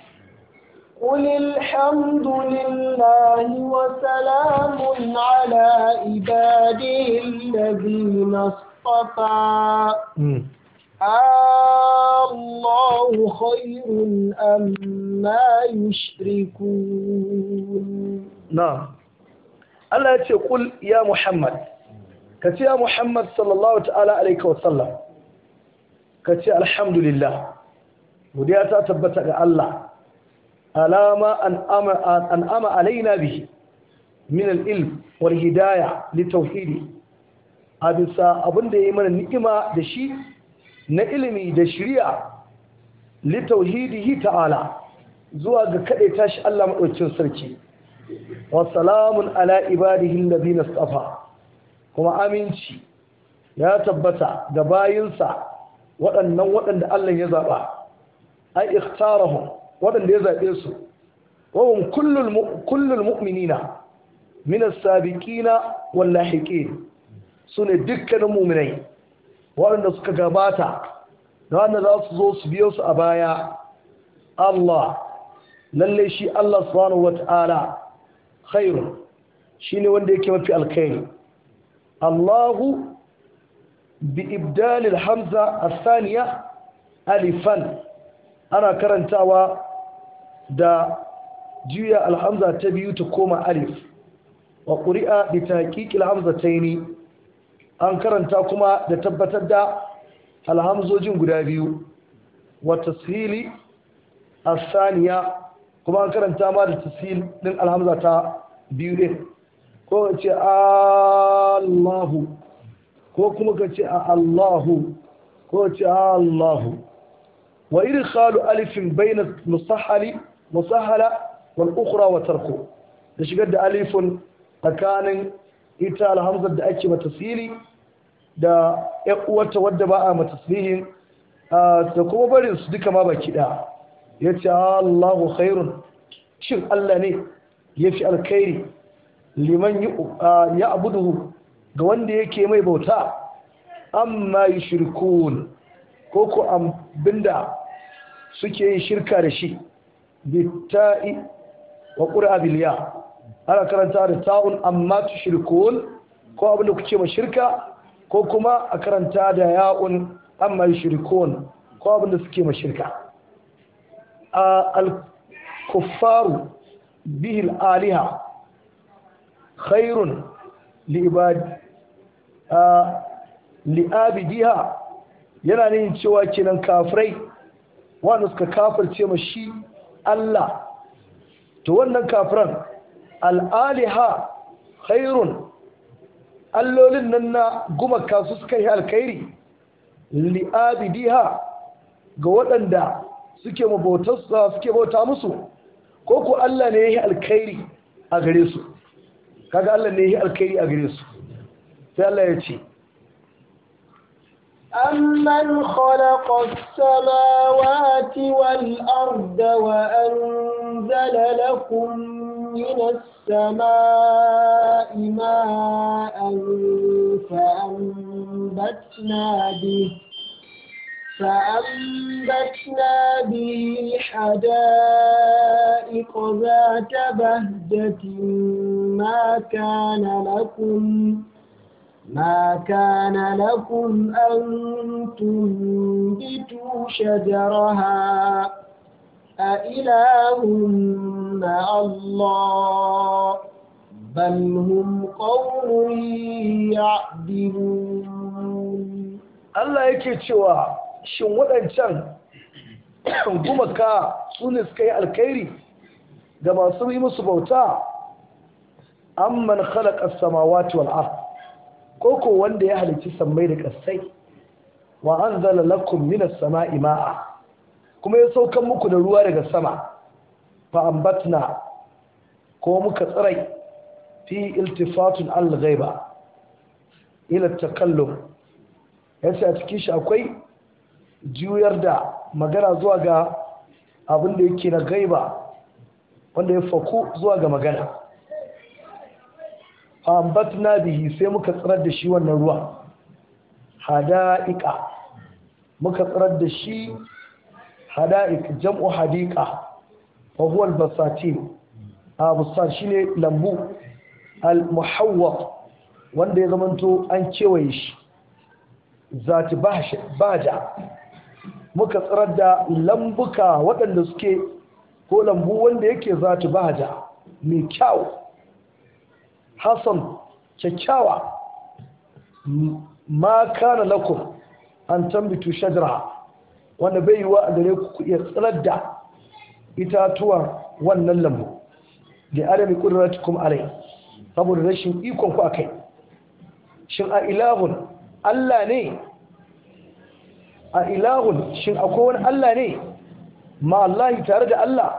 قل الحمد لله وسلام على عباده الذين اصطفى الله خير أم ما يشركون نعم الله يقول يا محمد كتي يا محمد صلى الله تعالى عليه وسلم كتي الحمد لله وديعتا تبتغى الله alama an'ama alaina bihi min ilm wal hidaya litauhidi a bisa abin da ya yi mana ni'ima da shi na ilimi da shirya hi ta'ala zuwa ga kaɗai tashi Allah maɗaukin sarki wa salamun ala ibadihin da bina tsafa kuma aminci ya tabbata ga bayinsa waɗannan waɗanda Allah ya zaɓa ai ikhtarahum waɗanda ya zaɓe su wahum kullul mu'minina min as-sabiqina wal sune dukkanin mu'minai waɗanda suka gabata da wanda za su zo su biyo su a baya Allah lalle shi Allah subhanahu wata'ala khairu shine wanda yake mafi alkhairi Allahu bi ibdalil hamza a saniya alifan ana karantawa da juya alhamza ta biyu ta koma alif wa ƙuri'a bi taƙiƙil hamza ta yi an karanta kuma da tabbatar da alhamzojin guda biyu wa a saniya. kuma an karanta ma da tasiri ɗin alhamza ta biyu ɗin ko ka ce allahu ko kuma ka ce allahu ko ka ce allahu wa irin irkhalu alifin bayna musahhali musahala wal ukhra wa da shigar da alifin tsakanin ita alhamzar da ake mata siri da ƴan uwarta wadda ba a da kuma barin su duka ma baki da yace Allahu khairun cin Allah ne yafi alkhairi liman ya abuduhu ga wanda yake mai bauta amma yushrikun ko an binda? suke yin shirka da shi bitta'i wa qur'a bil ya ana karanta da ta'un amma tushrikun ko abin da kuke ma shirka ko kuma a karanta da ya'un amma yushrikun ko abin da suke ma shirka al kuffaru bihi al aliha khairun li ibad li abidiha yana nuna cewa kenan kafirai wanda suka kafirce ma shi Allah to wannan kafiran al'aliha khairun allolin nan na gumaka su suka yi alkhairi li'abidiha ga waɗanda suke mabautarsa suke bauta musu ko ku Allah ne ya yi alkhairi a gare su kaga Allah ne ya yi alkhairi a gare su sai Allah ya ce أمن خلق السماوات والأرض وأنزل لكم من السماء ماء فأنبتنا به فأنبتنا به حدائق ذات بهجة ما كان لكم ما كان لكم أن تنبتوا شجرها أإله مع الله بل هم قوم يعدلون الله yake cewa shin waɗancan gumaka su ne suka yi alkhairi ga masu yi musu bauta amman khalaqa as-samawati ko ko wanda ya halicci sammai da ƙasai wa anzala lakum minas sama'i ma'a kuma ya saukan muku da ruwa daga sama fa ambatna ko muka tsirai fi iltifatun al-ghaiba ila takallum yace a cikin shi akwai juyar da magana zuwa ga abin da yake na gaiba wanda ya faku zuwa ga magana da bihi sai muka tsirar da shi wannan ruwa hada'iqa muka tsirar da shi hada'iq jam'u hadiqa wa huwa al-basatin abusar ah, shine lambu al-muhawwaq wanda ya zamanto an cewaye shi zati baja muka tsirar da lambuka waɗanda suke ko lambu wanda yake zati baja mai kyau hasan kyakkyawa ma kana lakum an tambitu shajara wanda bai yi wa a gare ku iya tsirar da itatuwa wannan lambu da adami kuma alai saboda rashin ikon ku akai shin a ilahun Allah ne a ilahun shin akwai wani Allah ne ma Allahi tare da Allah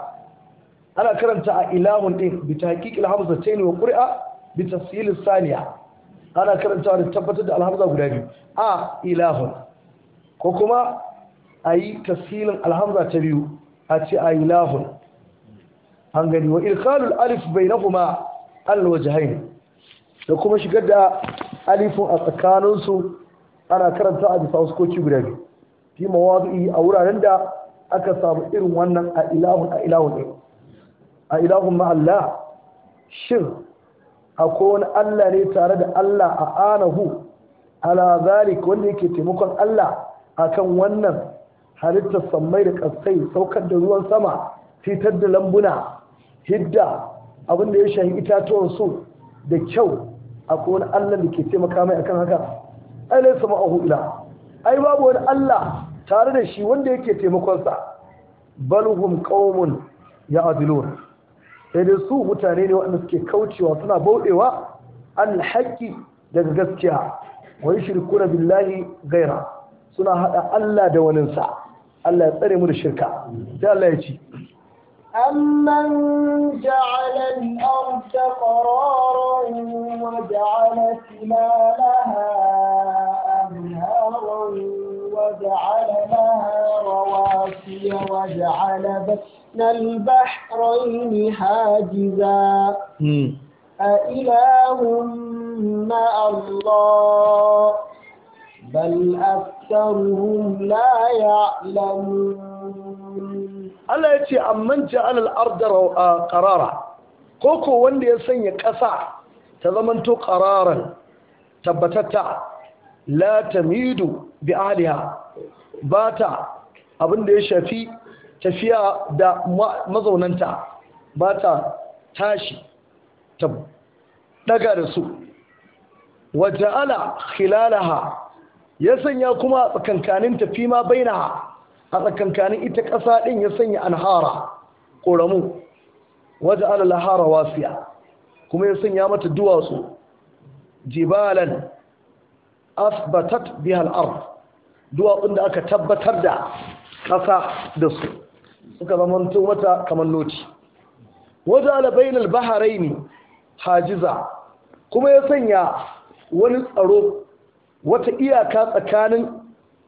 ana karanta a ilahun din bi ta haƙiƙi hamza ta wa ƙuri'a bi tafsil saniya ana karantawa da tabbatar da alhamza guda biyu a ilahun ko kuma a yi tafsilin alhamza ta biyu a ce a ilahun an gani wa irkalul alif bai na kuma alwajahain da kuma shigar da alifun a tsakaninsu ana karanta a bisa huskoki guda biyu fi mawadu'i a wuraren da aka samu irin wannan a ilahun a ilahun a ilahun ma'allah shin akwai wani Allah ne tare da Allah a anahu ala zalik wanda yake taimakon Allah akan wannan halitta, sammai da kasai saukar da ruwan sama fitar da lambuna hidda abin da ya shahi itatuwan su da kyau akwai wani Allah da ke taimaka mai akan haka ai sama ma'ahu ila ai babu wani Allah tare da shi wanda yake taimakonsa sa balhum qaumun ya'dilun sai dai su mutane ne waɗanda suke kaucewa suna bauɗewa an daga gaskiya wani shirku na billahi gaira suna haɗa Allah da waninsa Allah ya tsare mu da shirka sai Allah ya ci أمن جعل الأرض قرارا وجعل خلالها أنهارا وجعل لها رواسي وجعل بين البحرين حاجزا أإله مع الله بل أكثرهم لا يعلمون الله يتي أمن جعل الأرض قرارا كوكو وندي يسني كسع تضمنتو قرارا تبتتا لا تميد bi'aliha ba ta abin da ya shafi tafiya da mazaunanta ba ta tashi ta daga da su ala khilalaha ya sanya kuma tsakankanin tafi ma bainaha a tsakankanin ita ƙasa ɗin ya sanya anhara ƙoramu ala lahara wasiya kuma ya sanya mata duwatsu jibalan asbatat bihal ard duwatsun da aka tabbatar da ƙasa da su suka zama mata kamar noti waje alabain albaharai ne hajiza kuma ya sanya wani tsaro wata iyaka tsakanin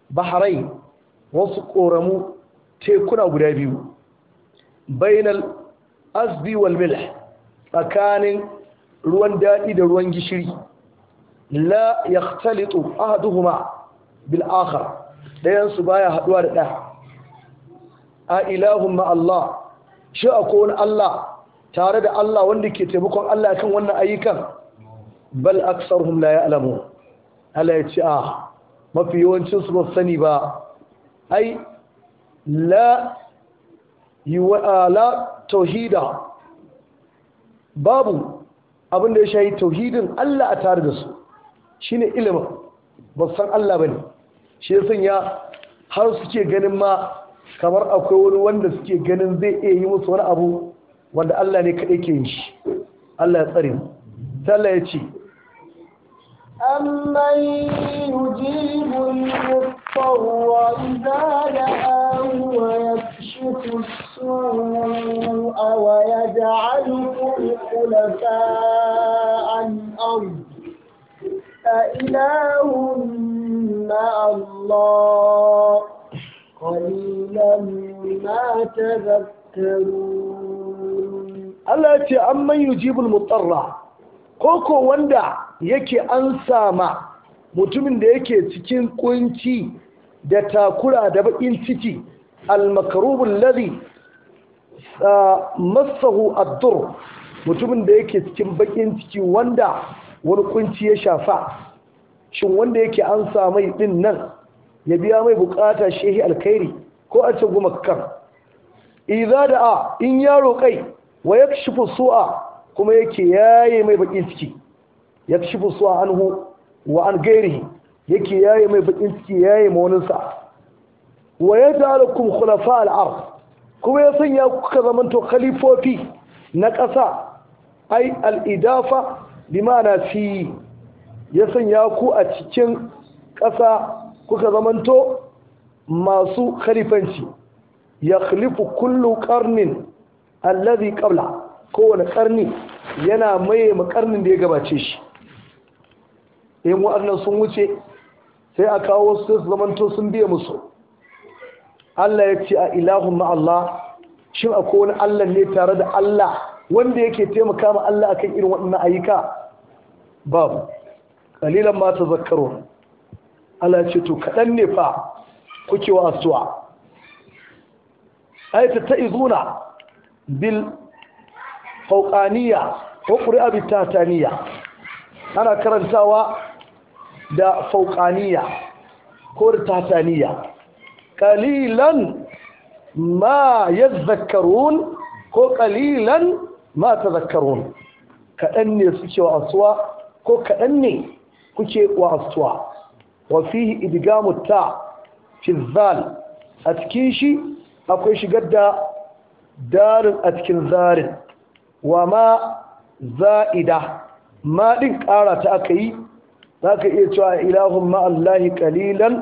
baharai wasu ƙoramu tekuna guda biyu bainal asbi wal tsakanin ruwan daɗi da ruwan gishiri la yakhtalitu ahaduhuma bil ɗayansu ba ya baya da ɗaya a ilahun ma Allah shi a wani Allah tare da Allah wanda ke taimakon Allah kan wannan ayyukan bal aksaruhum la ya'lamu Allah ya ce ah mafi yawancin su ba sani ba ai la ala tauhida babu abin da ya shayi tauhidin Allah a tare da su shine ilimin ba san Allah bane shi ya sanya har suke ganin ma kamar akwai wani wanda suke ganin zai iya yi musu wani abu wanda Allah ne kaɗai ke yin shi Allah ya tsare mu Allah ya ce أمن يجيب المضطر إذا دعاه ويكشف السوء ويجعلكم خلفاء الأرض أإله مع الله قليلا ما تذكرون الله يتي أمن يجيب المضطر koko wanda yake an sama mutumin da yake cikin kunci da takura da bakin ciki almakarubun lari masahu addur mutumin da yake cikin bakin ciki wanda wani kunci ya shafa shin wanda yake an sa mai din nan ya biya mai bukata shehi alkhairi ko a ce goma kan idza da'a in ya roƙai wa yakshifu su'a kuma yake yaye mai bakin ciki yakshifu su'a anhu wa an gairihi yake yaye mai bakin ciki yaye ma wani sa wa yaj'alukum khulafa al-ard kuma ya sanya kuka to khalifofi na ƙasa ai al-idafa bi ma'ana fi ya sanya ku a cikin ƙasa kuka zamanto masu khalifanci ya khalifu kullu ƙarnin allazi ƙabla kowane ƙarni yana maye makarnin da ya gabace shi in wa'annan sun wuce sai a kawo su su zamanto sun biya musu Allah ya ce a ilahun ma'allah shin akwai wani Allah ne tare da Allah wanda yake taimaka ma Allah akan irin waɗannan ayyuka babu kalilan ma tazakkarun Allah ce to kaɗan ne fa kuke wasuwa ayata ta izuna bil fauƙaniya ko ƙuri abin tataniya ana karantawa da fauƙaniya ko da tataniya ƙalilan ma ya zakarun ko ƙalilan ma ta zakarun kaɗan ne suke wasuwa ko kaɗan ne kuke wasuwa wa fihi idgamu ta fi zal a cikin shi akwai shigar da darin a cikin zarin wa ma za'ida ma din ƙara ta aka yi za ka iya cewa ilahun ma'allahi kalilan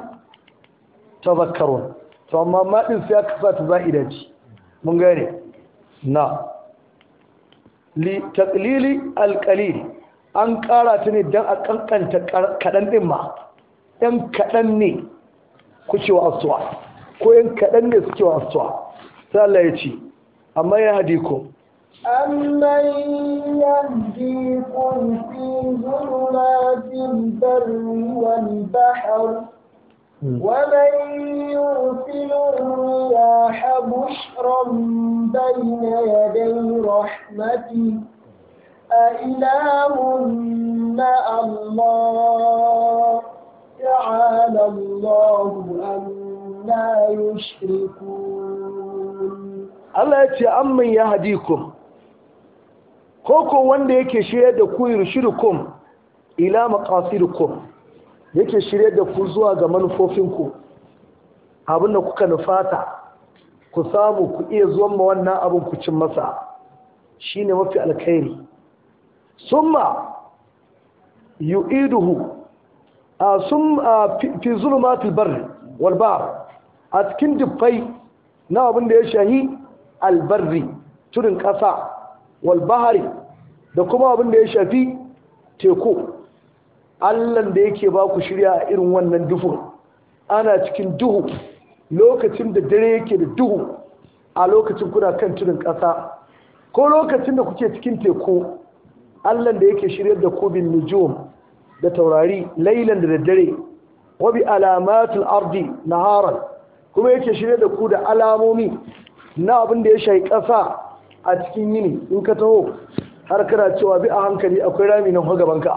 ta zakarun ta amma ma sai aka sa ta za'ida ce mun gane na li taqlili alqalil an ƙara ta ne don a ƙanƙanta kaɗan ɗin ma ɗan kaɗan ne kuke ce wasuwa ko ɗan kaɗan ne suke wa asuwa sai Allah ya ce amma ya hadi ku wani ta في ظلمات البر والبحر ومن يرسل الرياح بشرا بين يدي رحمته allah مع الله تعالى الله عما يشركون الله يتي أمن يهديكم koko wanda yake shirya da ku yurshirukum ila maqasidukum yake shirye da ku zuwa ga manufofinku da kuka nufata ku samu ku iya zuwan ma wannan abin ku cin masa shine mafi alkhairi summa yu'iduhu summa fi zulumatil barri wal bahr a cikin dubbai na abin da ya shahi albarri turin ƙasa walbahari da kuma abin da ya shafi teku allan da yake ba ku shirya a irin wannan duhu ana cikin duhu lokacin da dare yake da duhu a lokacin kuna kan tudun ƙasa ko lokacin da kuke cikin teku Allah da yake shirya da ku bin nujum da taurari lailan da daddare wa bi alamatul ardi naharan kuma yake shirya da ku da alamomi na abin da ya shai kasa a cikin yini in ka taho har kana cewa bi a hankali akwai rami nan banka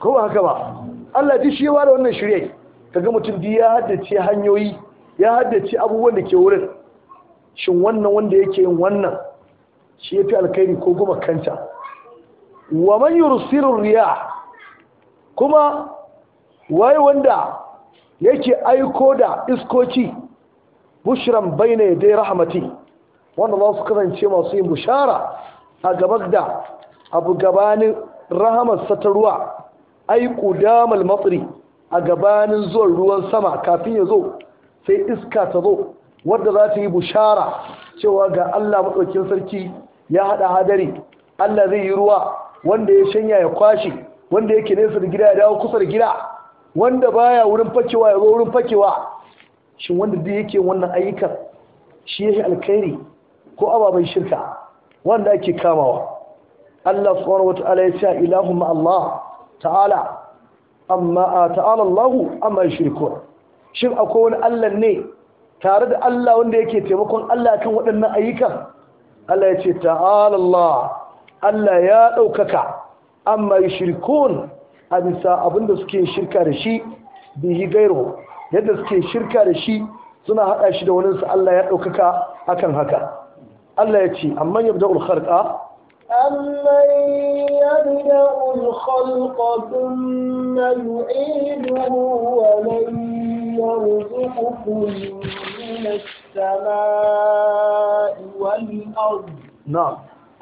ko ba haka ba Allah ji shi ya da wannan shirye kaga mutum bi ya haddace hanyoyi ya haddace abubuwan da ke wurin shin wannan wanda yake yin wannan shi yafi fi alkhairi ko kuma kanta wa man yursilu riyah kuma waye wanda yake aiko da iskoci bushran baina yaday rahmati wanda za su kasance masu yin bushara a gabar da abu gabanin rahamar ta ruwa ai kudamal matsiri a gabanin zuwan ruwan sama kafin ya zo sai iska ta zo wadda za ta yi bushara cewa ga Allah maɗaukin sarki ya haɗa hadari Allah zai yi ruwa wanda ya shanya ya kwashe wanda yake nesa da gida ya dawo kusa da gida wanda baya wurin fakewa ya zo wurin fakewa shin wanda duk yake wannan ayyukan shi yake alkhairi ko ababen shirka wanda ake kamawa Allah subhanahu wataala ya ce ilahumma Allah ta'ala amma ta'ala Allah amma yushrikun shin akwai wani Allah ne tare da Allah wanda yake taimakon Allah kan waɗannan ayyukan Allah ya ce ta'ala Allah Allah ya ɗaukaka amma shirkun a bisa abinda suke shirka da shi bihi gairo yadda suke shirka da shi suna haɗa shi da wani Allah ya ɗaukaka akan haka Allah ya ce amman yabda'ul kharqa أمن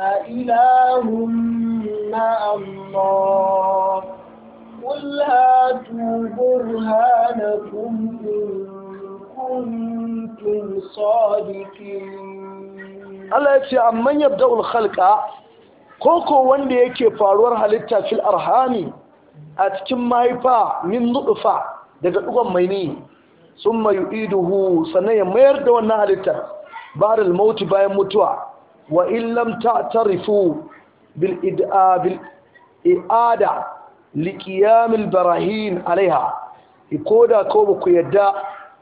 أإله مع الله قل هاتوا برهانكم إن كنتم صادقين Allah ya ce amman ulkhalka, khalqa koko wanda yake faruwar halitta fil arhami a cikin mahaifa min nudfa daga mai ni sun summa yu'iduhu sannan ya mayar da wannan halitta da mauti bayan mutuwa wa illam ta'tarifu bil id'abil i'ada liqiyamil barahin alaiha koda ko baku yadda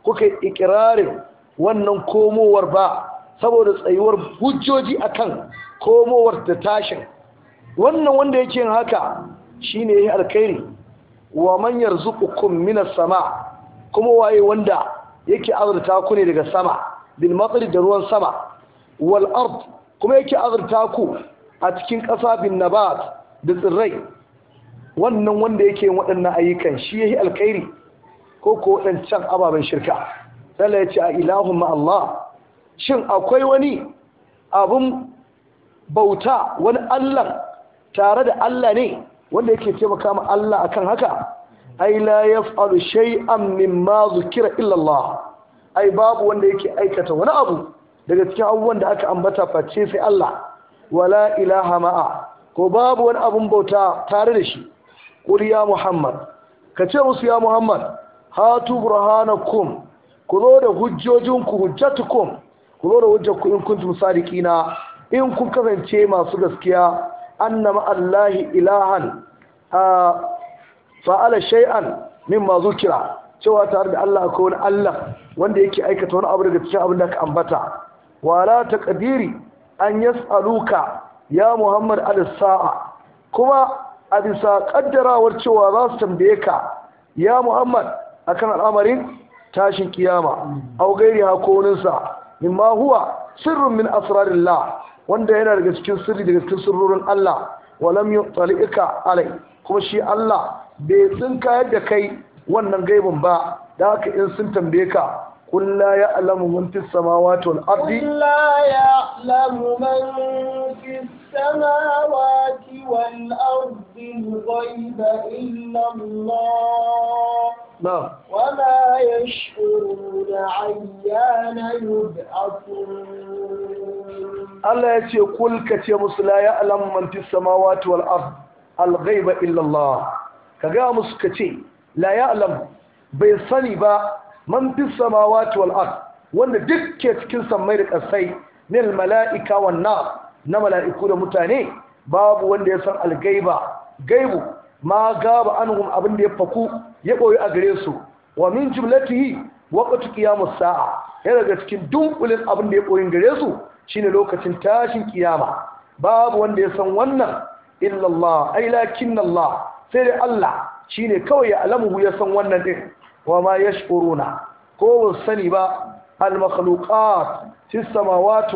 kuka ikirarin wannan komowar ba saboda tsayuwar hujjoji akan komowar da tashin wannan wanda yake yin haka shine yayi alkhairi wa man yarzuqukum minas sama kuma waye wanda yake azurta ku ne daga sama bil matri da ruwan sama wal ard kuma yake azurta ku a cikin ƙasa bin da tsirrai wannan wanda yake waɗannan ayyukan shi yi alkhairi ko ko waɗancan ababen shirka Allah ya ce a ilahun Allah shin akwai wani abun bauta wani Allah tare da Allah ne wanda yake taimaka ma Allah akan haka ai la yaf'alu shay'an mimma zukira illa illallah. ai babu wanda yake aikata wani abu daga cikin abubuwan da aka ambata face sai Allah wala ilaha ma'a ko babu wani abun bauta tare da shi qul ya muhammad ka ce musu ya muhammad hatu burhanakum ku zo da hujjojinku hujjatukum ku zo da hujjarku in kuntum sadiqina in kun kasance masu gaskiya annama allahi ilahan fa'ala shay'an mimma zukira cewa tare da Allah akwai wani Allah wanda yake aikata wani abu daga cikin abin da aka ambata wala ta kadiri an tsaluka ya Muhammad alisa'a kuma a bisa kaddarawar cewa za su tambaye ka ya Muhammad akan al'amarin tashin kiyama au gairi hakoninsa min mahuwa sirrin min asrarillah wanda yana daga cikin sirri daga cikin sirrurin Allah walam tsali'ika alai kuma shi Allah bai tsinka yadda kai wannan gaibin ba da haka in sun tambaye ka قل لا يعلم من في السماوات والأرض قل لا يعلم من في السماوات والأرض الغيب إلا الله نعم وما يشعرون عيان يبعثون الله يتي قل كتي لا يعلم من في السماوات والأرض الغيب إلا الله كغامس كتي لا يعلم بيصني با man fi samawati wal ard wanda duk ke cikin samai da kasai nil mala'ika wan na na mala'iku da mutane babu wanda ya san algaiba gaibu ma gaba anhum abin da ya faku ya koyi a gare su wa min jumlatihi waqtu qiyamus sa'a Yana daga cikin dunkulin abin da ya koyi gare su shine lokacin tashin kiyama babu wanda ya san wannan illa Allah ay lakinna Allah sai dai Allah shine kawai ya alamu ya san wannan din wa ma yashkuruna ko ba sani ba al makhluqat fi samawati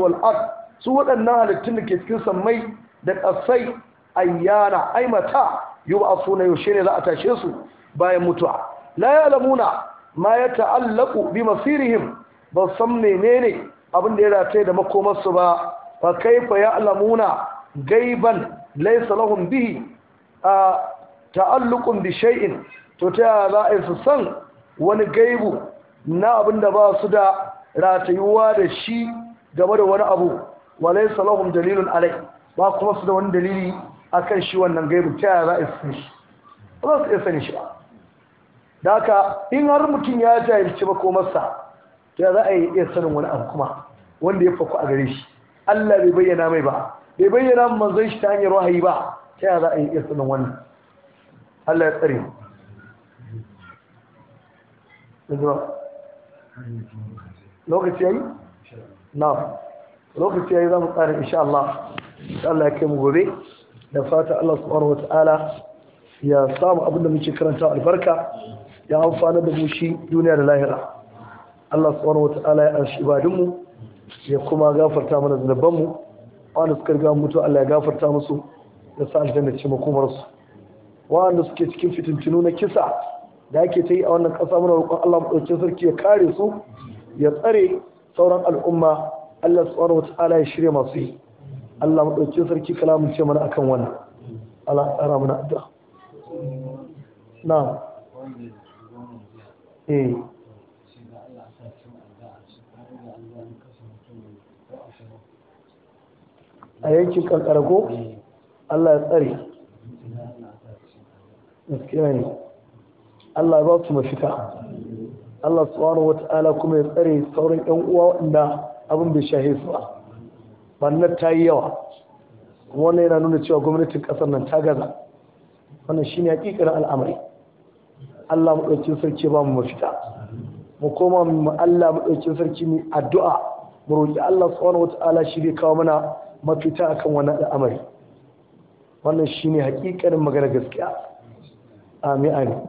su waɗannan halittun da ke cikin sammai da ƙasai ayyana ai mata yub'asuna yaushe ne za a tashe su bayan mutuwa la ya'lamuna ma yata'allaqu bi masirihim ba san menene abin da ya rataye da makomarsu ba fa kaifa ya'lamuna gaiban laysa bihi a ta'allukun bi to ta za a su san wani gaibu na abin da ba su da ratayuwa da shi game da wani abu walai salahun dalilun alai ba kuma su da wani dalili a kan shi wannan gaibu ta yara za a shi ba su iya sani shi ba da haka in har mutum ya jahilci makomarsa ya za a yi iya sanin wani abu kuma wanda ya faku a gare shi Allah bai bayyana mai ba bai bayyana manzon shi ta hanyar wahayi ba ta ya za a yi iya sanin wannan Allah ya tsare mu zuwa lokaci yi? na lokaci yayi za mu tsara insha Allah Allah ya kai mu gobe da fata Allah subhanahu wataala ya samu abin da muke karanta albarka ya amfana da mu duniya da lahira Allah subhanahu wataala ya anshi ibadun ya kuma gafarta mana zunuban mu wanda suka riga mutu Allah ya gafarta musu da sa aljanna ce makomar wanda suke cikin fitintunu na kisa da ake ta yi a wannan ƙasa muna roƙon Allah maɗaukin sarki ya kare su ya tsare sauran al'umma Allah subhanahu wata'ala ya shirya masu yi Allah maɗaukin sarki kalamun ce mana akan wannan Allah tsara mana addu'a na'am eh a yankin kankara ko Allah ya tsare gaskiya ne Allah ba su mafita Allah subhanahu wata'ala kuma ya tsare sauran yan uwa waɗanda abin bai shahe su ba bannar ta yi yawa wannan yana nuna cewa gwamnatin ƙasar nan ta gaza wannan shi shine na al'amari Allah maɗaukin sarki ba mu mafita mu koma mu Allah maɗaukin sarki mu addu'a mu roƙi Allah subhanahu wata'ala shi zai kawo mana mafita akan wannan al'amari wannan shi shine na magana gaskiya amin amin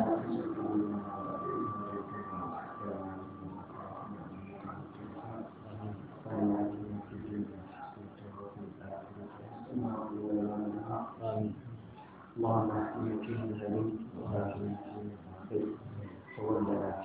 اللهم احيي فيه جميل وما فيه فيه وولنا